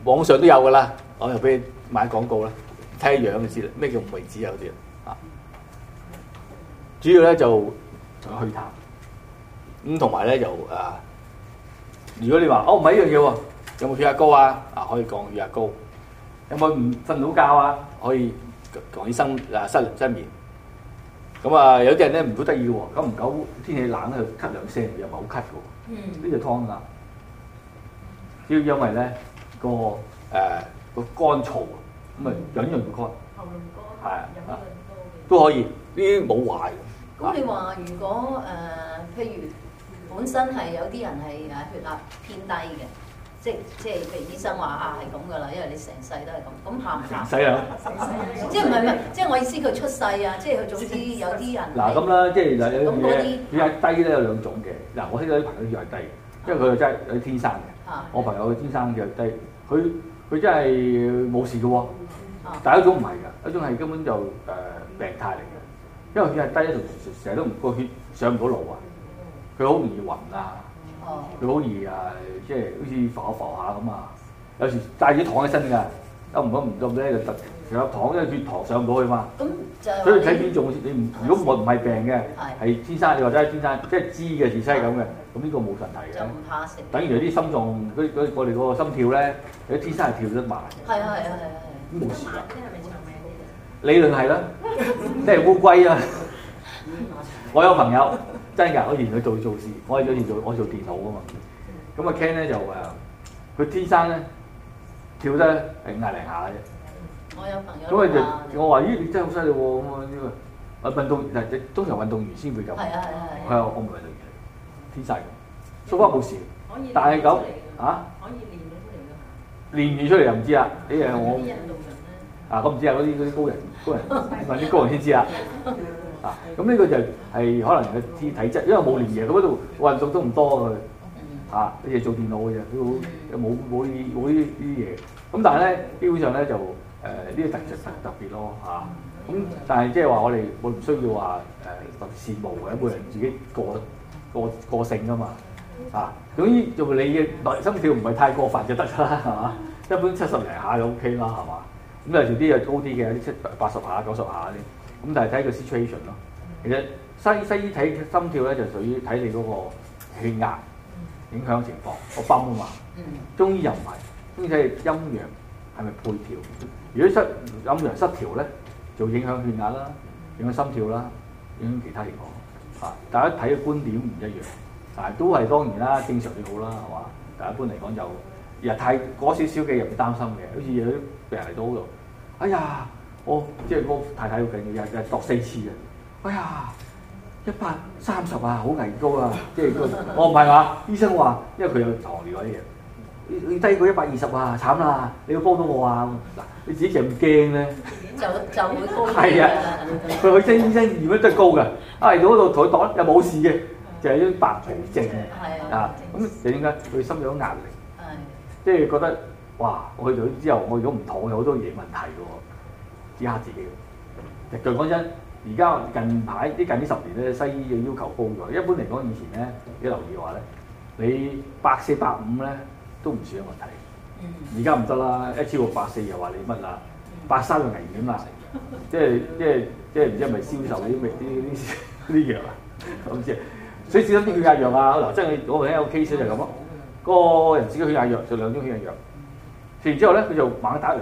S1: 網上都有嘅啦，我又俾你買廣告啦，睇下樣就知啦，咩叫唔為止有啲啊，主要咧就去痰，咁同埋咧就誒、啊，如果你話哦唔係一樣嘢喎，有冇血壓高啊？啊可以降血壓高，有冇唔瞓到覺啊？可以。講起身啊，失，失眠，咁啊有啲人咧唔好得意嘅喎，咁久唔久天氣冷啊，咳兩聲又唔係好咳嘅喎，呢、嗯、個湯啊，要因為咧個誒、呃、個乾燥、嗯、是啊，咁啊引潤嘅乾，喉嚨乾，係啊，都可以，呢啲冇壞。咁、嗯啊、你話如果誒、呃、譬如
S2: 本身係有啲人係誒血壓偏低嘅？即即譬如醫生話啊，係咁噶啦，因為你成世都係咁。咁下
S1: 唔下？唔使啊！即唔係唔係，即我意思佢出世啊，即佢總之有啲人。嗱咁啦，即係有有樣嘢，那那血壓低咧有兩種嘅。嗱，我識到啲朋友血壓低，因為佢真係有啲天生嘅。啊、我朋友天生嘅低，佢佢真係冇事嘅喎。啊、但係一種唔係㗎，一種係根本就誒病態嚟嘅，因為佢係低到成日都唔過血上唔到腦啊，佢好容易暈啊。佢好易啊，即係好似浮浮下咁啊！有時帶住糖起身㗎，得唔到唔咁咧就突成日糖，因為血糖上唔到去嘛。咁所以睇邊種？你唔如果我唔係病嘅，係天生，你話齋天生，即係知嘅，是真係咁嘅。咁呢個冇問題嘅。就唔怕等於有啲心臟我哋嗰個心跳咧，有啲天生係跳得慢。係啊係
S3: 啊係啊係。冇事啊？呢
S1: 係咪長命啲？理論係啦，即係烏龜啊！我有朋友。真噶，我連佢做做事，我係連佢做我做，做電腦啊嘛。咁阿、嗯、Ken 咧就誒，佢天生咧跳得係五零下嘅。
S2: 我
S3: 有朋友。咁
S1: 佢就我話咦，你真係好犀利喎咁啊，呢個，啊運動，嗱通常運動員先會咁。係啊係啊係。啊，啊啊嗯、我唔係運動員，天生嘅，速發好時。但可以練出。出嚟㗎。可以練到出嚟㗎。練完出嚟又唔知啊？你、哎、誒我。啊，我唔知啊，嗰啲啲高人高人，
S3: 嗱啲高人先知
S1: 啊。啊，咁，這，呢個就係可能有啲體質，因為冇連夜咁嗰度運動都唔多佢，啊，啲嘢做電腦嘅嘢，都又冇冇依冇啲嘢。咁但係咧，基本上咧就誒呢，呃這個特質特特別咯，嚇、啊。咁但係即係話我哋冇唔需要話誒，呃，特別羨慕嘅，每人自己個個個，個性噶嘛，啊，總之做你嘅內心跳唔係太過分就得㗎啦，係嘛？一般七十零下就 OK 啦，係嘛？咁有時啲又高啲嘅，七八十下、九十下啲。咁但係睇個 situation 咯，其實西西醫睇心跳咧就屬於睇你嗰個血壓影響情況，我泵啊嘛。中醫又唔係，中醫睇你陰陽係咪配調？如果失陰陽失調咧，就影響血壓啦，影響心跳啦，影響其他情況。啊，大家睇嘅觀點唔一樣，但係都係當然啦，正常嘅好啦，係嘛？但一般嚟講就又太嗰少少嘅又擔心嘅，好似有啲病人嚟到度，哎呀～哦，即係嗰個太太要勁嘅，日日度四次嘅。哎呀，一百三十啊，好危高啊！即係我唔係話，醫生話，因為佢有糖尿病嘅嘢，要低過一百二十啊，慘啦！你要幫到我啊！嗱，你自己成日驚咧，
S2: 就就會高嘅。係啊，
S1: 佢去親醫生驗得高嘅，一嚟到嗰度度一度又冇事嘅，就係、是、啲白皮症嘅。係啊，啊咁、嗯、點解佢心有壓力？即、就、係、是、覺得哇，我去咗之後，我如果唔糖，有好多嘢問題嘅喎。指嚇自己嘅，其實講真，而家近排呢近呢十年咧，西醫嘅要求高咗。一般嚟講，以前咧，你留意嘅話咧，你百四百五咧都唔算有問題。
S3: 而
S1: 家唔得啦，一超過百四又話你乜啦，百三嘅危險啦。即係即係即係唔知係咪銷售啲咩啲啲啲藥啊？咁唔所以少咗啲血壓藥啊，嗱真係我聽個 case 就係咁咯。嗰個人自己血壓藥，就兩種血壓藥。食完之後咧，佢就猛打藥。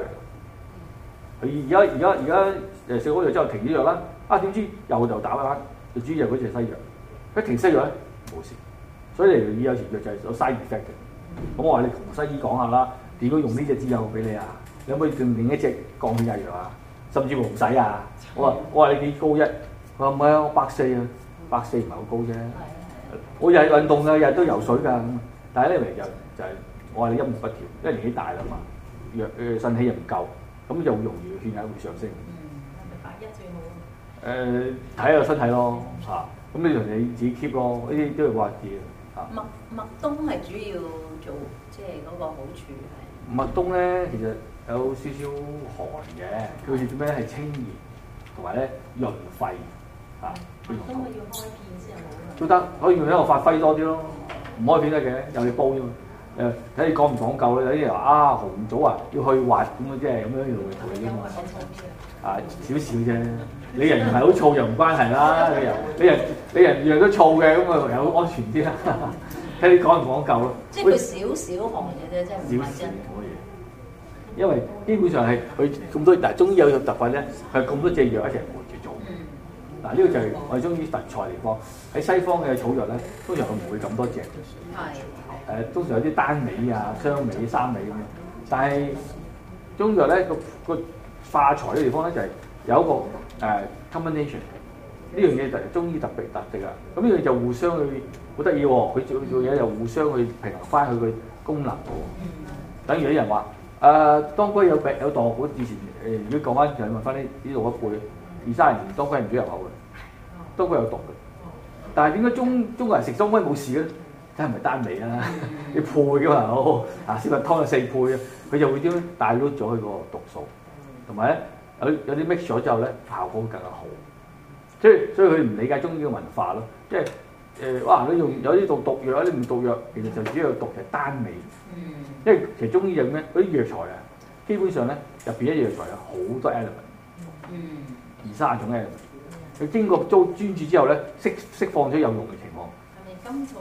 S1: 而而家而家而家誒食好藥之後停咗藥啦，啊點知又又打翻？你知藥嗰隻西藥，一停西藥咧冇事。所以你有時藥就係所嘥藥質嘅。咁我話你同西醫講下啦，點解用呢隻之後俾你啊？你可唔可以換另一隻降血壓藥啊？甚至乎唔使啊？我話我話你幾高一？佢話唔係啊，我百四啊，百四唔係好高啫。我日日運動㗎，日日都游水㗎。但係咧，就就係、係我話你陰陽不調，因為年紀大啦嘛，藥誒身體又唔夠。咁又容易血壓會上升。嗯，百一最好。誒、呃，睇下身體咯，吓，咁你同你自己 keep 咯，呢啲都係話事嚇。麥麥冬係主要做即係嗰個
S2: 好處係。
S1: 麥冬咧，其實有少少寒嘅，佢似做咩係清熱，同埋咧潤肺咪、啊、
S3: 要開片
S1: 先。都得，可以用一個發揮多啲咯，唔開片得嘅，又要煲啫嘛。誒，睇你講唔講究咯，有啲人話啊紅棗啊要去滑，咁樣即係咁即啫，咁樣用嘅啫嘛。啊少少啫，你人唔係好燥又唔關係啦。你人你人你人用咗燥嘅咁，啊又安全啲啦。睇你講唔講究咯。即係
S2: 少少項嘅啫，即係唔少少
S1: 嘢，因為基本上係佢咁多，但係中醫有個特法咧，係咁多隻藥一齊攪住做。嗱，呢個就係我哋中醫特才地方。喺西方嘅草藥咧，通常佢唔會咁多隻。係。誒通、啊、常有啲單味啊、雙味、啊、三味咁樣，但係中藥咧個個化財嘅地方咧就係、是、有一個誒、uh, combination 呢樣嘢就係中醫特別特色啊！咁、嗯、樣就互相去好得意喎，佢、哦、做做嘢又互相去平衡翻佢嘅功能喎。等於有啲人話誒、呃、當歸有病有毒，好以前誒、呃、如果講翻就問翻呢啲老一輩，二三十年當歸唔准入口嘅，當歸有毒嘅，但係點解中中國人食當歸冇事咧？真係唔係單味啊！你配噶嘛，好、哦、啊，小麥湯有四配，佢就會點樣帶攞咗佢個毒素，同埋咧有有啲 mix 咗之後咧，效果會更加好。所以所以佢唔理解中醫嘅文化咯，即係誒、呃、哇！你用有啲用毒，毒藥，有啲唔毒藥，其實就主要毒就係單味。嗯，
S3: 因
S1: 為其實中醫有咩嗰啲藥材啊，基本上咧入邊啲藥材有好多 element，嗯，二三十種 element，佢經過專專注之後咧釋釋放咗有用嘅情況。
S2: 係咪甘草？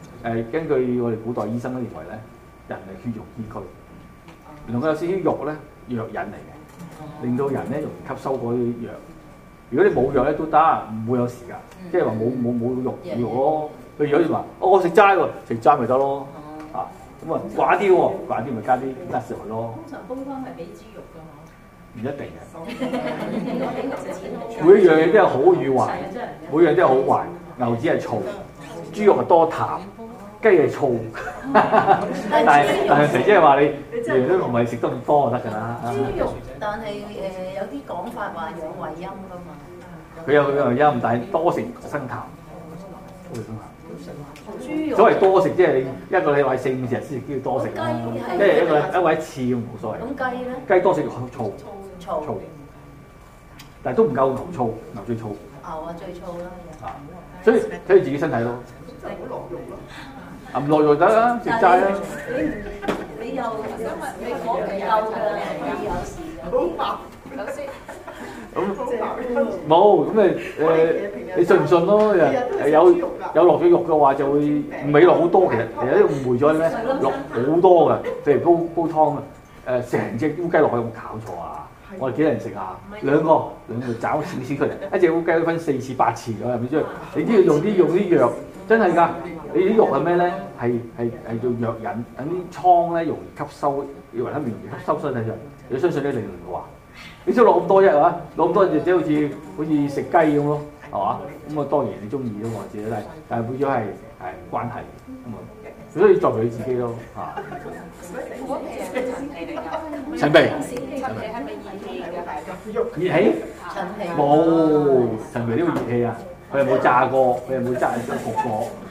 S1: 誒，根據我哋古代醫生都認為咧，人係血肉之軀，同佢有少少肉咧，藥引嚟嘅，令到人咧容易吸收嗰啲藥。如果你冇藥咧都得，唔會有事噶，即係話冇冇冇肉肉咯。佢如果話、哦、我食齋喎，食齋咪得咯，嗯、啊咁啊寡啲喎，寡啲咪加啲唔得嘅嘢咯。通常煲
S2: 湯係俾豬肉
S1: 嘅嘛，唔一定
S3: 嘅。 每
S1: 樣嘢都係好與壞，每樣都係好壞。牛子係燥，豬肉係多痰。雞係燥，
S2: 但係但係即係話你，你都唔係食得咁多就得
S1: 㗎啦。豬肉，但係誒、呃、有啲講法話養
S2: 胃陰㗎嘛。
S1: 佢有佢嘅胃陰，但係多食生痰。多食生痰。豬肉。所謂多食即係你一個禮拜四五次先叫多食，即係一個一位一次冇所謂。咁雞咧？雞多食就燥。燥燥。但係都唔夠牛燥，牛最燥。牛啊最燥
S2: 啦。
S1: 所以所以睇自己身體咯。就冇落肉啦。啊！唔落肉得啦，食齋啦。你又今日你講你夠嘅，你有事好白？首先，咁冇咁你，誒？你信唔信咯？有有落咗肉嘅話，就會味落好多？其實其實啲誤會咗咧，落好多嘅。譬如煲煲湯啊，誒成隻烏雞落去咁搞錯啊？的我哋幾多人食呀？兩個兩個斬少少出嚟，一隻烏雞都分四次八次，咁入面出嚟。你都要用啲用啲藥，真係㗎。你啲肉係咩咧？係係係做藥引，等啲倉咧容易吸收，以為它容易吸收身體上。你相信啲靈話，你先攞咁多，多，多一嚇，攞咁多隻，即係好似好似食雞咁咯，係嘛？咁啊當然你中意嘅喎，始終都係，但係最主要係係關係咁啊，所以作為你自己咯嚇。
S3: 陳皮 秘，陳皮係咪熱氣㗎？熱氣，冇
S1: 陳皮都要熱氣啊！佢又冇炸過，佢又冇炸，又冇焗過。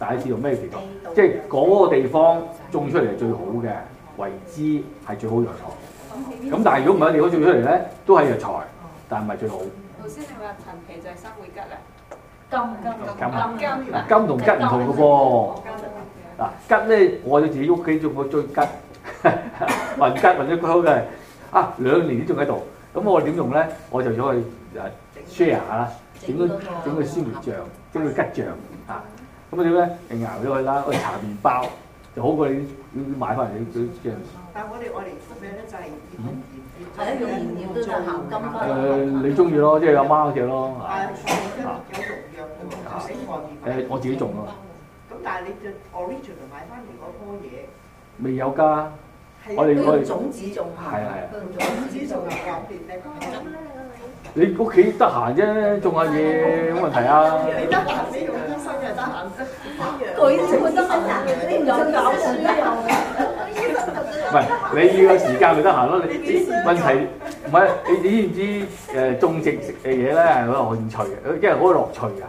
S1: 大家知道咩叫做，地道 即係嗰個地方種出嚟係最好嘅，為、嗯、之係最好藥材。
S3: 咁、嗯、但係如果唔係，你可種出嚟咧，
S1: 都係藥材，但係唔係最好。頭
S3: 先你話陳皮就係新會吉啦，金金金同吉唔同嘅噃。
S1: 嗱吉咧，我哋自己屋企種過種吉，雲 吉雲 吉最好嘅。啊，兩年都種喺度，咁我點用咧？我就想去就 share 下啦，整啲整啲酸梅醬，整啲吉醬啊。咁啊點咧？嗯嗯、你熬咗佢啦，我哋搽麪包就好過你，你買翻嚟你你。但係我哋我哋出名咧，就係原種，係一樣
S3: 原
S2: 料都要行
S1: 金樽。你中意咯，即係阿媽嗰隻咯。有農藥，
S2: 你唔、嗯
S1: 嗯、 我自己種啊。咁但
S2: 係
S3: 你
S1: 對 original 買翻嚟嗰樖嘢？未有㗎。我哋種子種。係係係。啊、種
S3: 子種嚟講，
S1: 你屋企得閒啫，種下嘢冇問題啊！你得閒你用生就得閒先。佢先用心嘅，你唔想
S2: 搞
S1: 書又唔係。唔 係 你要有時間咪得閒咯。你問題唔係你知唔知誒、呃、種植食嘅嘢咧？好有興趣嘅，因為好有樂趣㗎。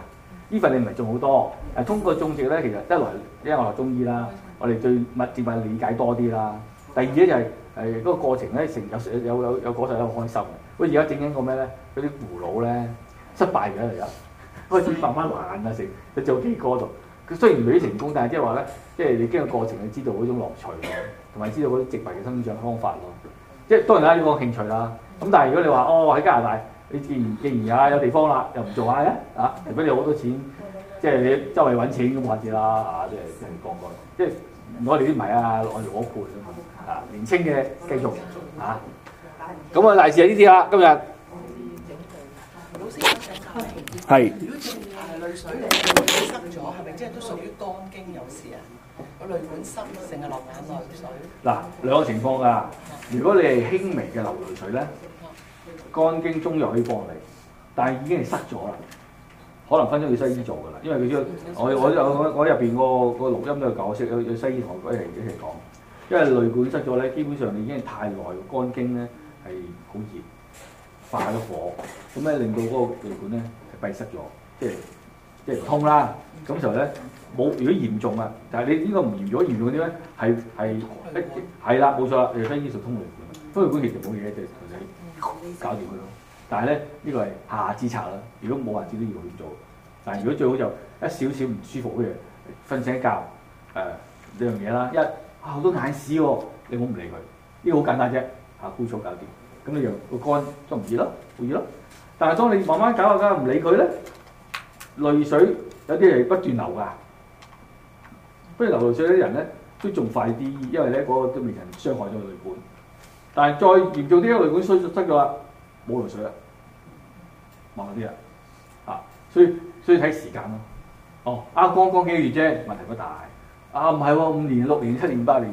S1: 呢份你唔係種好多，係通過種植咧，其實一來，因為我學中醫啦，我哋對物質物理解多啲啦。第二咧就係誒嗰個過程咧成有有 have，有有個陣咧好開心嘅。喂，而家整緊個咩咧？嗰啲葫蘆咧，失敗嘅嚟啊！開始慢慢爛啊，成你做幾個到，佢雖然唔係成功，但係即係話咧，即係你經過過程，你知道嗰種樂趣，同埋知道嗰啲植物嘅生長方法咯。即係當然啦，要講興趣啦。咁但係如果你話哦喺加拿大，你既然既然而家有地方啦，又唔做下嘅啊？除非你有好多錢，即係你周圍揾錢咁嘅意思啦嚇。即係即係講過，即係我哋啲唔係啊，我攞攰啊嘛。啊，年青嘅繼續做嚇。咁啊，大事係呢啲啦，今日係。如果係淚水嚟嘅，塞咗係咪即係都屬於肝
S2: 經有事啊？
S1: 個淚管塞，成日落眼淚水。嗱，兩個情況啊。如果你係輕微嘅流淚水咧，肝經中藥可以幫你。但係已經係塞咗啦，可能分咗去西醫做㗎啦。因為佢我我我我入邊個個錄音都有解釋，有有西醫同我一齊一齊講。因為淚管塞咗咧，基本上你已經係太耐肝經咧。係好熱，化咗火，咁咧令到嗰個血管咧係閉塞咗，即係即係唔通啦。咁時候咧冇，如果嚴重啊，但係你呢個唔嚴重，如果嚴重啲咧係係係啦，冇錯啦，就分醫術通血管，哎、通血管、嗯、管其實冇嘢，就係、是、搞掂佢咯。但係咧呢、這個係下之策啦，如果冇下肢都要去做。但係如果最好就一少少唔舒服嘅，瞓醒一覺誒呢、呃、樣嘢啦，一好、啊、多眼屎喎、啊，你冇唔理佢，呢、這個好簡單啫，嚇高速搞掂。搞咁你就個肝就唔好咯，唔好咯。但係當你慢慢搞下，家唔理佢咧，淚水有啲係不斷流噶。不如流淚水啲人咧都仲快啲，因為咧嗰個都未人傷害咗個淚管。但係再嚴重啲咧，淚管衰弱得咗啦，冇淚水啦，慢啲啊，嚇！所以所以睇時間咯。哦，啱啱剛幾個月啫，問題不大。啊，唔係喎，五年、六年、七年、八年，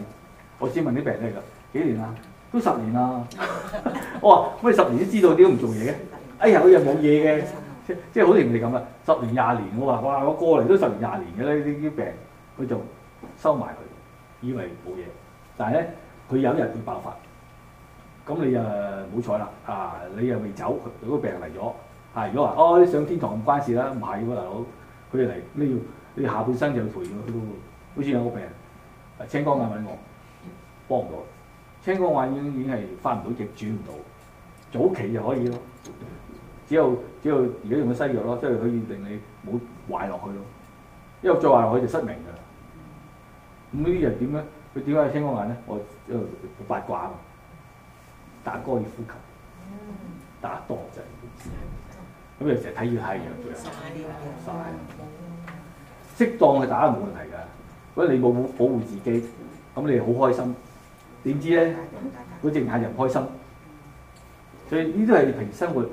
S1: 我先問啲病歷噶，幾年啊？都十年啦，我話：，乜十年都知道點解唔做嘢嘅？哎呀，佢又冇嘢嘅，即即好似唔係咁啦。十年廿年，我話：，哇，我過嚟都十年廿年嘅咧，呢啲病佢就收埋佢，以為冇嘢。但係咧，佢有一日會爆發，咁你誒冇彩啦，啊，你又未走，如果病嚟咗，啊，如果話：，哦，上天堂唔關事啦，唔係喎大佬，佢哋嚟你要？你下半生就要陪佢。佢都好似有個病，青光眼揾我幫唔到。青光眼已經係翻唔到極，轉唔到，早期就可以咯。只有，只有如果用咗西藥咯，即係可以令你冇壞落去咯。因為再壞落去就失明㗎啦。咁呢啲人點咧？佢點解青光眼咧？我即係八卦啊！打高爾夫球，打多陣，就是。咁你成日睇住太陽，快
S3: 啲快啲，
S1: 適當去打係冇問題㗎。如果你冇保護自己，咁你又好開心。點知咧？佢隻眼就唔開心，所以呢啲係平生活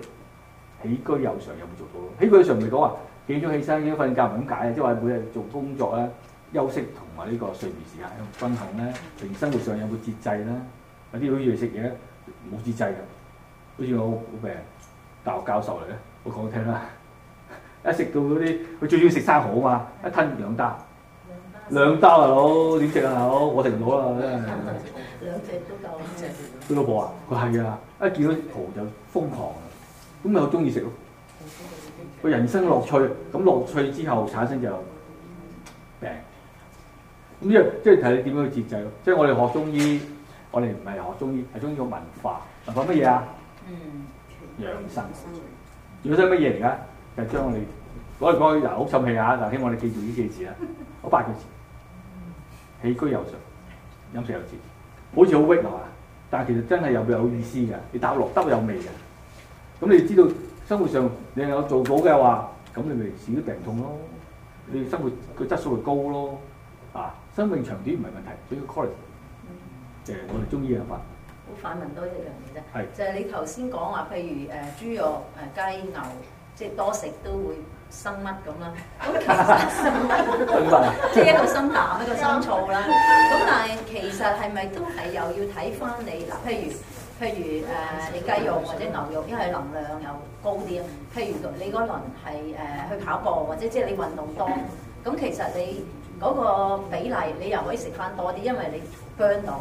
S1: 起居有常有冇做到咯？起居有常咪講話幾早起身幾早瞓覺，唔係咁解啊！即係話每日做工作咧、休息同埋呢個睡眠時間均衡咧，平生活上有冇節制咧？有啲好似食嘢冇節制嘅，好似我好病大學教授嚟咧，我講你聽啦，一食到嗰啲佢最中意食生蠔啊嘛，一吞兩啖。兩包啊，佬，點食啊，大佬、啊？我食唔到啦，真、
S2: 哎、係、哎、兩
S1: 隻都夠佢老婆啊，佢係啊，一見到桃就瘋狂，咁咪好中意食咯。佢人生嘅樂趣，咁樂趣之後產生就病。咁即係即係睇你點樣去節制咯。即、就、係、是、我哋學中醫，我哋唔係學中醫，係中醫嘅文化。文化乜嘢啊？
S3: 嗯，
S1: 養生。養生乜嘢嚟噶？就是、將我哋講嚟講去又好深氣下，嗱，希望你記住呢幾字啊，好，八個字。起居有常，飲食有節，好似好威嚇，但係其實真係有有意思嘅，你打落得有味嘅。咁你知道，生活上你有做到嘅話，咁你咪少啲病痛咯。你生活個質素會高咯，啊，生命長短唔係問題，主要 quality。嗯。就係我哋中醫嘅法。
S2: 好、嗯，反
S1: 問多一樣嘢啫。係。就係你頭先講話，譬
S2: 如誒豬肉、誒雞牛，即係多食都會。生乜咁啦？咁其實生乜，即係 一個生冷一個生燥啦。咁但係其實係咪都係又要睇翻你嗱？譬如譬如誒、呃，你雞肉或者牛肉，因為能量又高啲。譬如你嗰輪係誒去跑步或者即係你運動多，咁其實你嗰個比例你又可以食翻多啲，因為你 burn 到。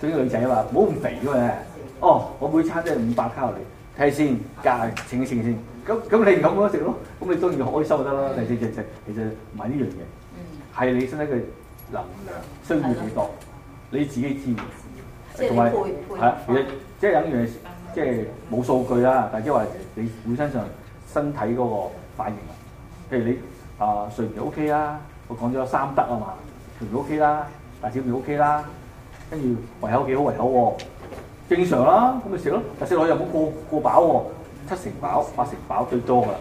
S1: 對於女仔話：唔好咁肥㗎嘛！哦，我每餐都係五百卡落嚟，睇下先價一情先。咁咁你咁樣食咯，咁你當然開心得啦。第四隻食其實唔係呢樣嘢，係你身體嘅能量需要幾多，你自己知同
S3: 埋、啊，即係其實即
S1: 係有一樣嘢，即係冇數據啦，但係即係話你本身上身體嗰個反應啊。譬如你啊、呃、睡完 O K 啦，我講咗三得啊嘛，食完 O K 啦，大小便 O K 啦。跟住胃口幾好，胃口喎，正常啦，咁咪食咯。但食落又唔好過過飽喎，七成飽、八成飽最多噶啦。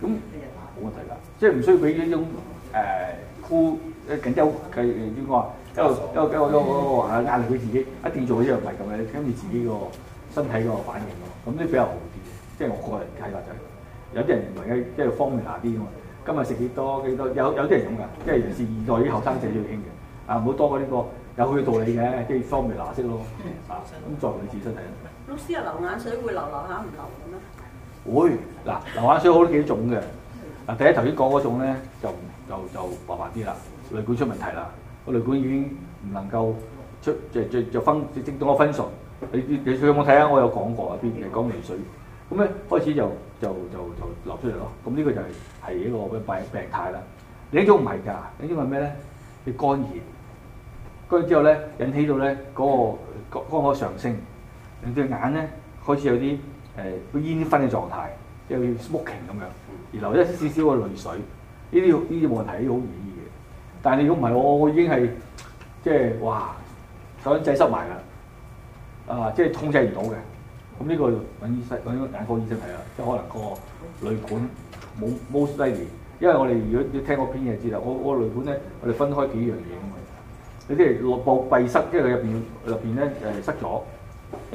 S1: 咁冇問題啦，即係唔需要俾呢種誒箍、緊張、計、點講啊，又又又又話壓力佢自己。一定做呢樣唔係咁嘅，跟住自己個身體個反應喎，咁啲比較好啲嘅。即係我個人睇法就係，有啲人認為咧，即係方便下啲啊嘛。今日食幾多幾多？有有啲人咁㗎，即係現代啲後生仔要興嘅。啊，唔好多過呢個。有佢嘅道理嘅，即係方便拿色咯，咁、嗯、再同你自出嚟。老師啊，流眼水會流流下唔流嘅咩？會，嗱，流眼水好多幾種嘅。嗱，第一頭先講嗰種咧，就就就麻煩啲啦，淚管出問題啦，個淚管已經唔能夠出，即係即即分即係到我分層。你你你有冇睇啊？我有講過啊，邊？你講淚水，咁咧開始就就就就流出嚟咯。咁呢、這個就係係一個病病態啦。另一種唔係㗎，另一種係咩咧？你肝炎。跟住之後咧，引起到咧嗰，那個肝火，那個那個，上升，兩隻眼咧開始有啲誒，呃、煙熏嘅狀態，即係 smoking 咁樣，而流一少少嘅淚水，呢啲呢啲冇人睇，呢好容易嘅。但係你如果唔係我，我已經係即係哇，手掣收埋啦，啊，即係控制唔到嘅。咁，這，呢個揾醫生揾眼科醫生睇啦，即係可能個淚管冇 moisture 因為我哋如果要聽我篇嘢知啦，我我淚管咧，我哋分開幾，幾樣嘢。有啲係內部閉塞，即係佢入邊入邊咧誒塞咗。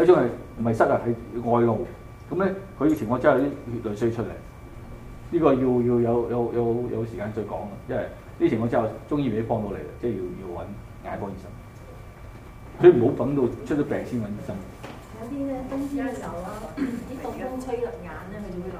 S1: 一種係唔係塞啊，係外露。咁咧佢嘅情況之後啲血嚟輸出嚟。呢、這個要要有有有有時間再講，因為啲情況之後中醫未必幫到你，即係要要揾眼科醫生。佢唔好等到出咗病先揾醫生。有啲咧冬
S2: 天走啦、啊，呢凍風吹甩眼咧，佢就會流。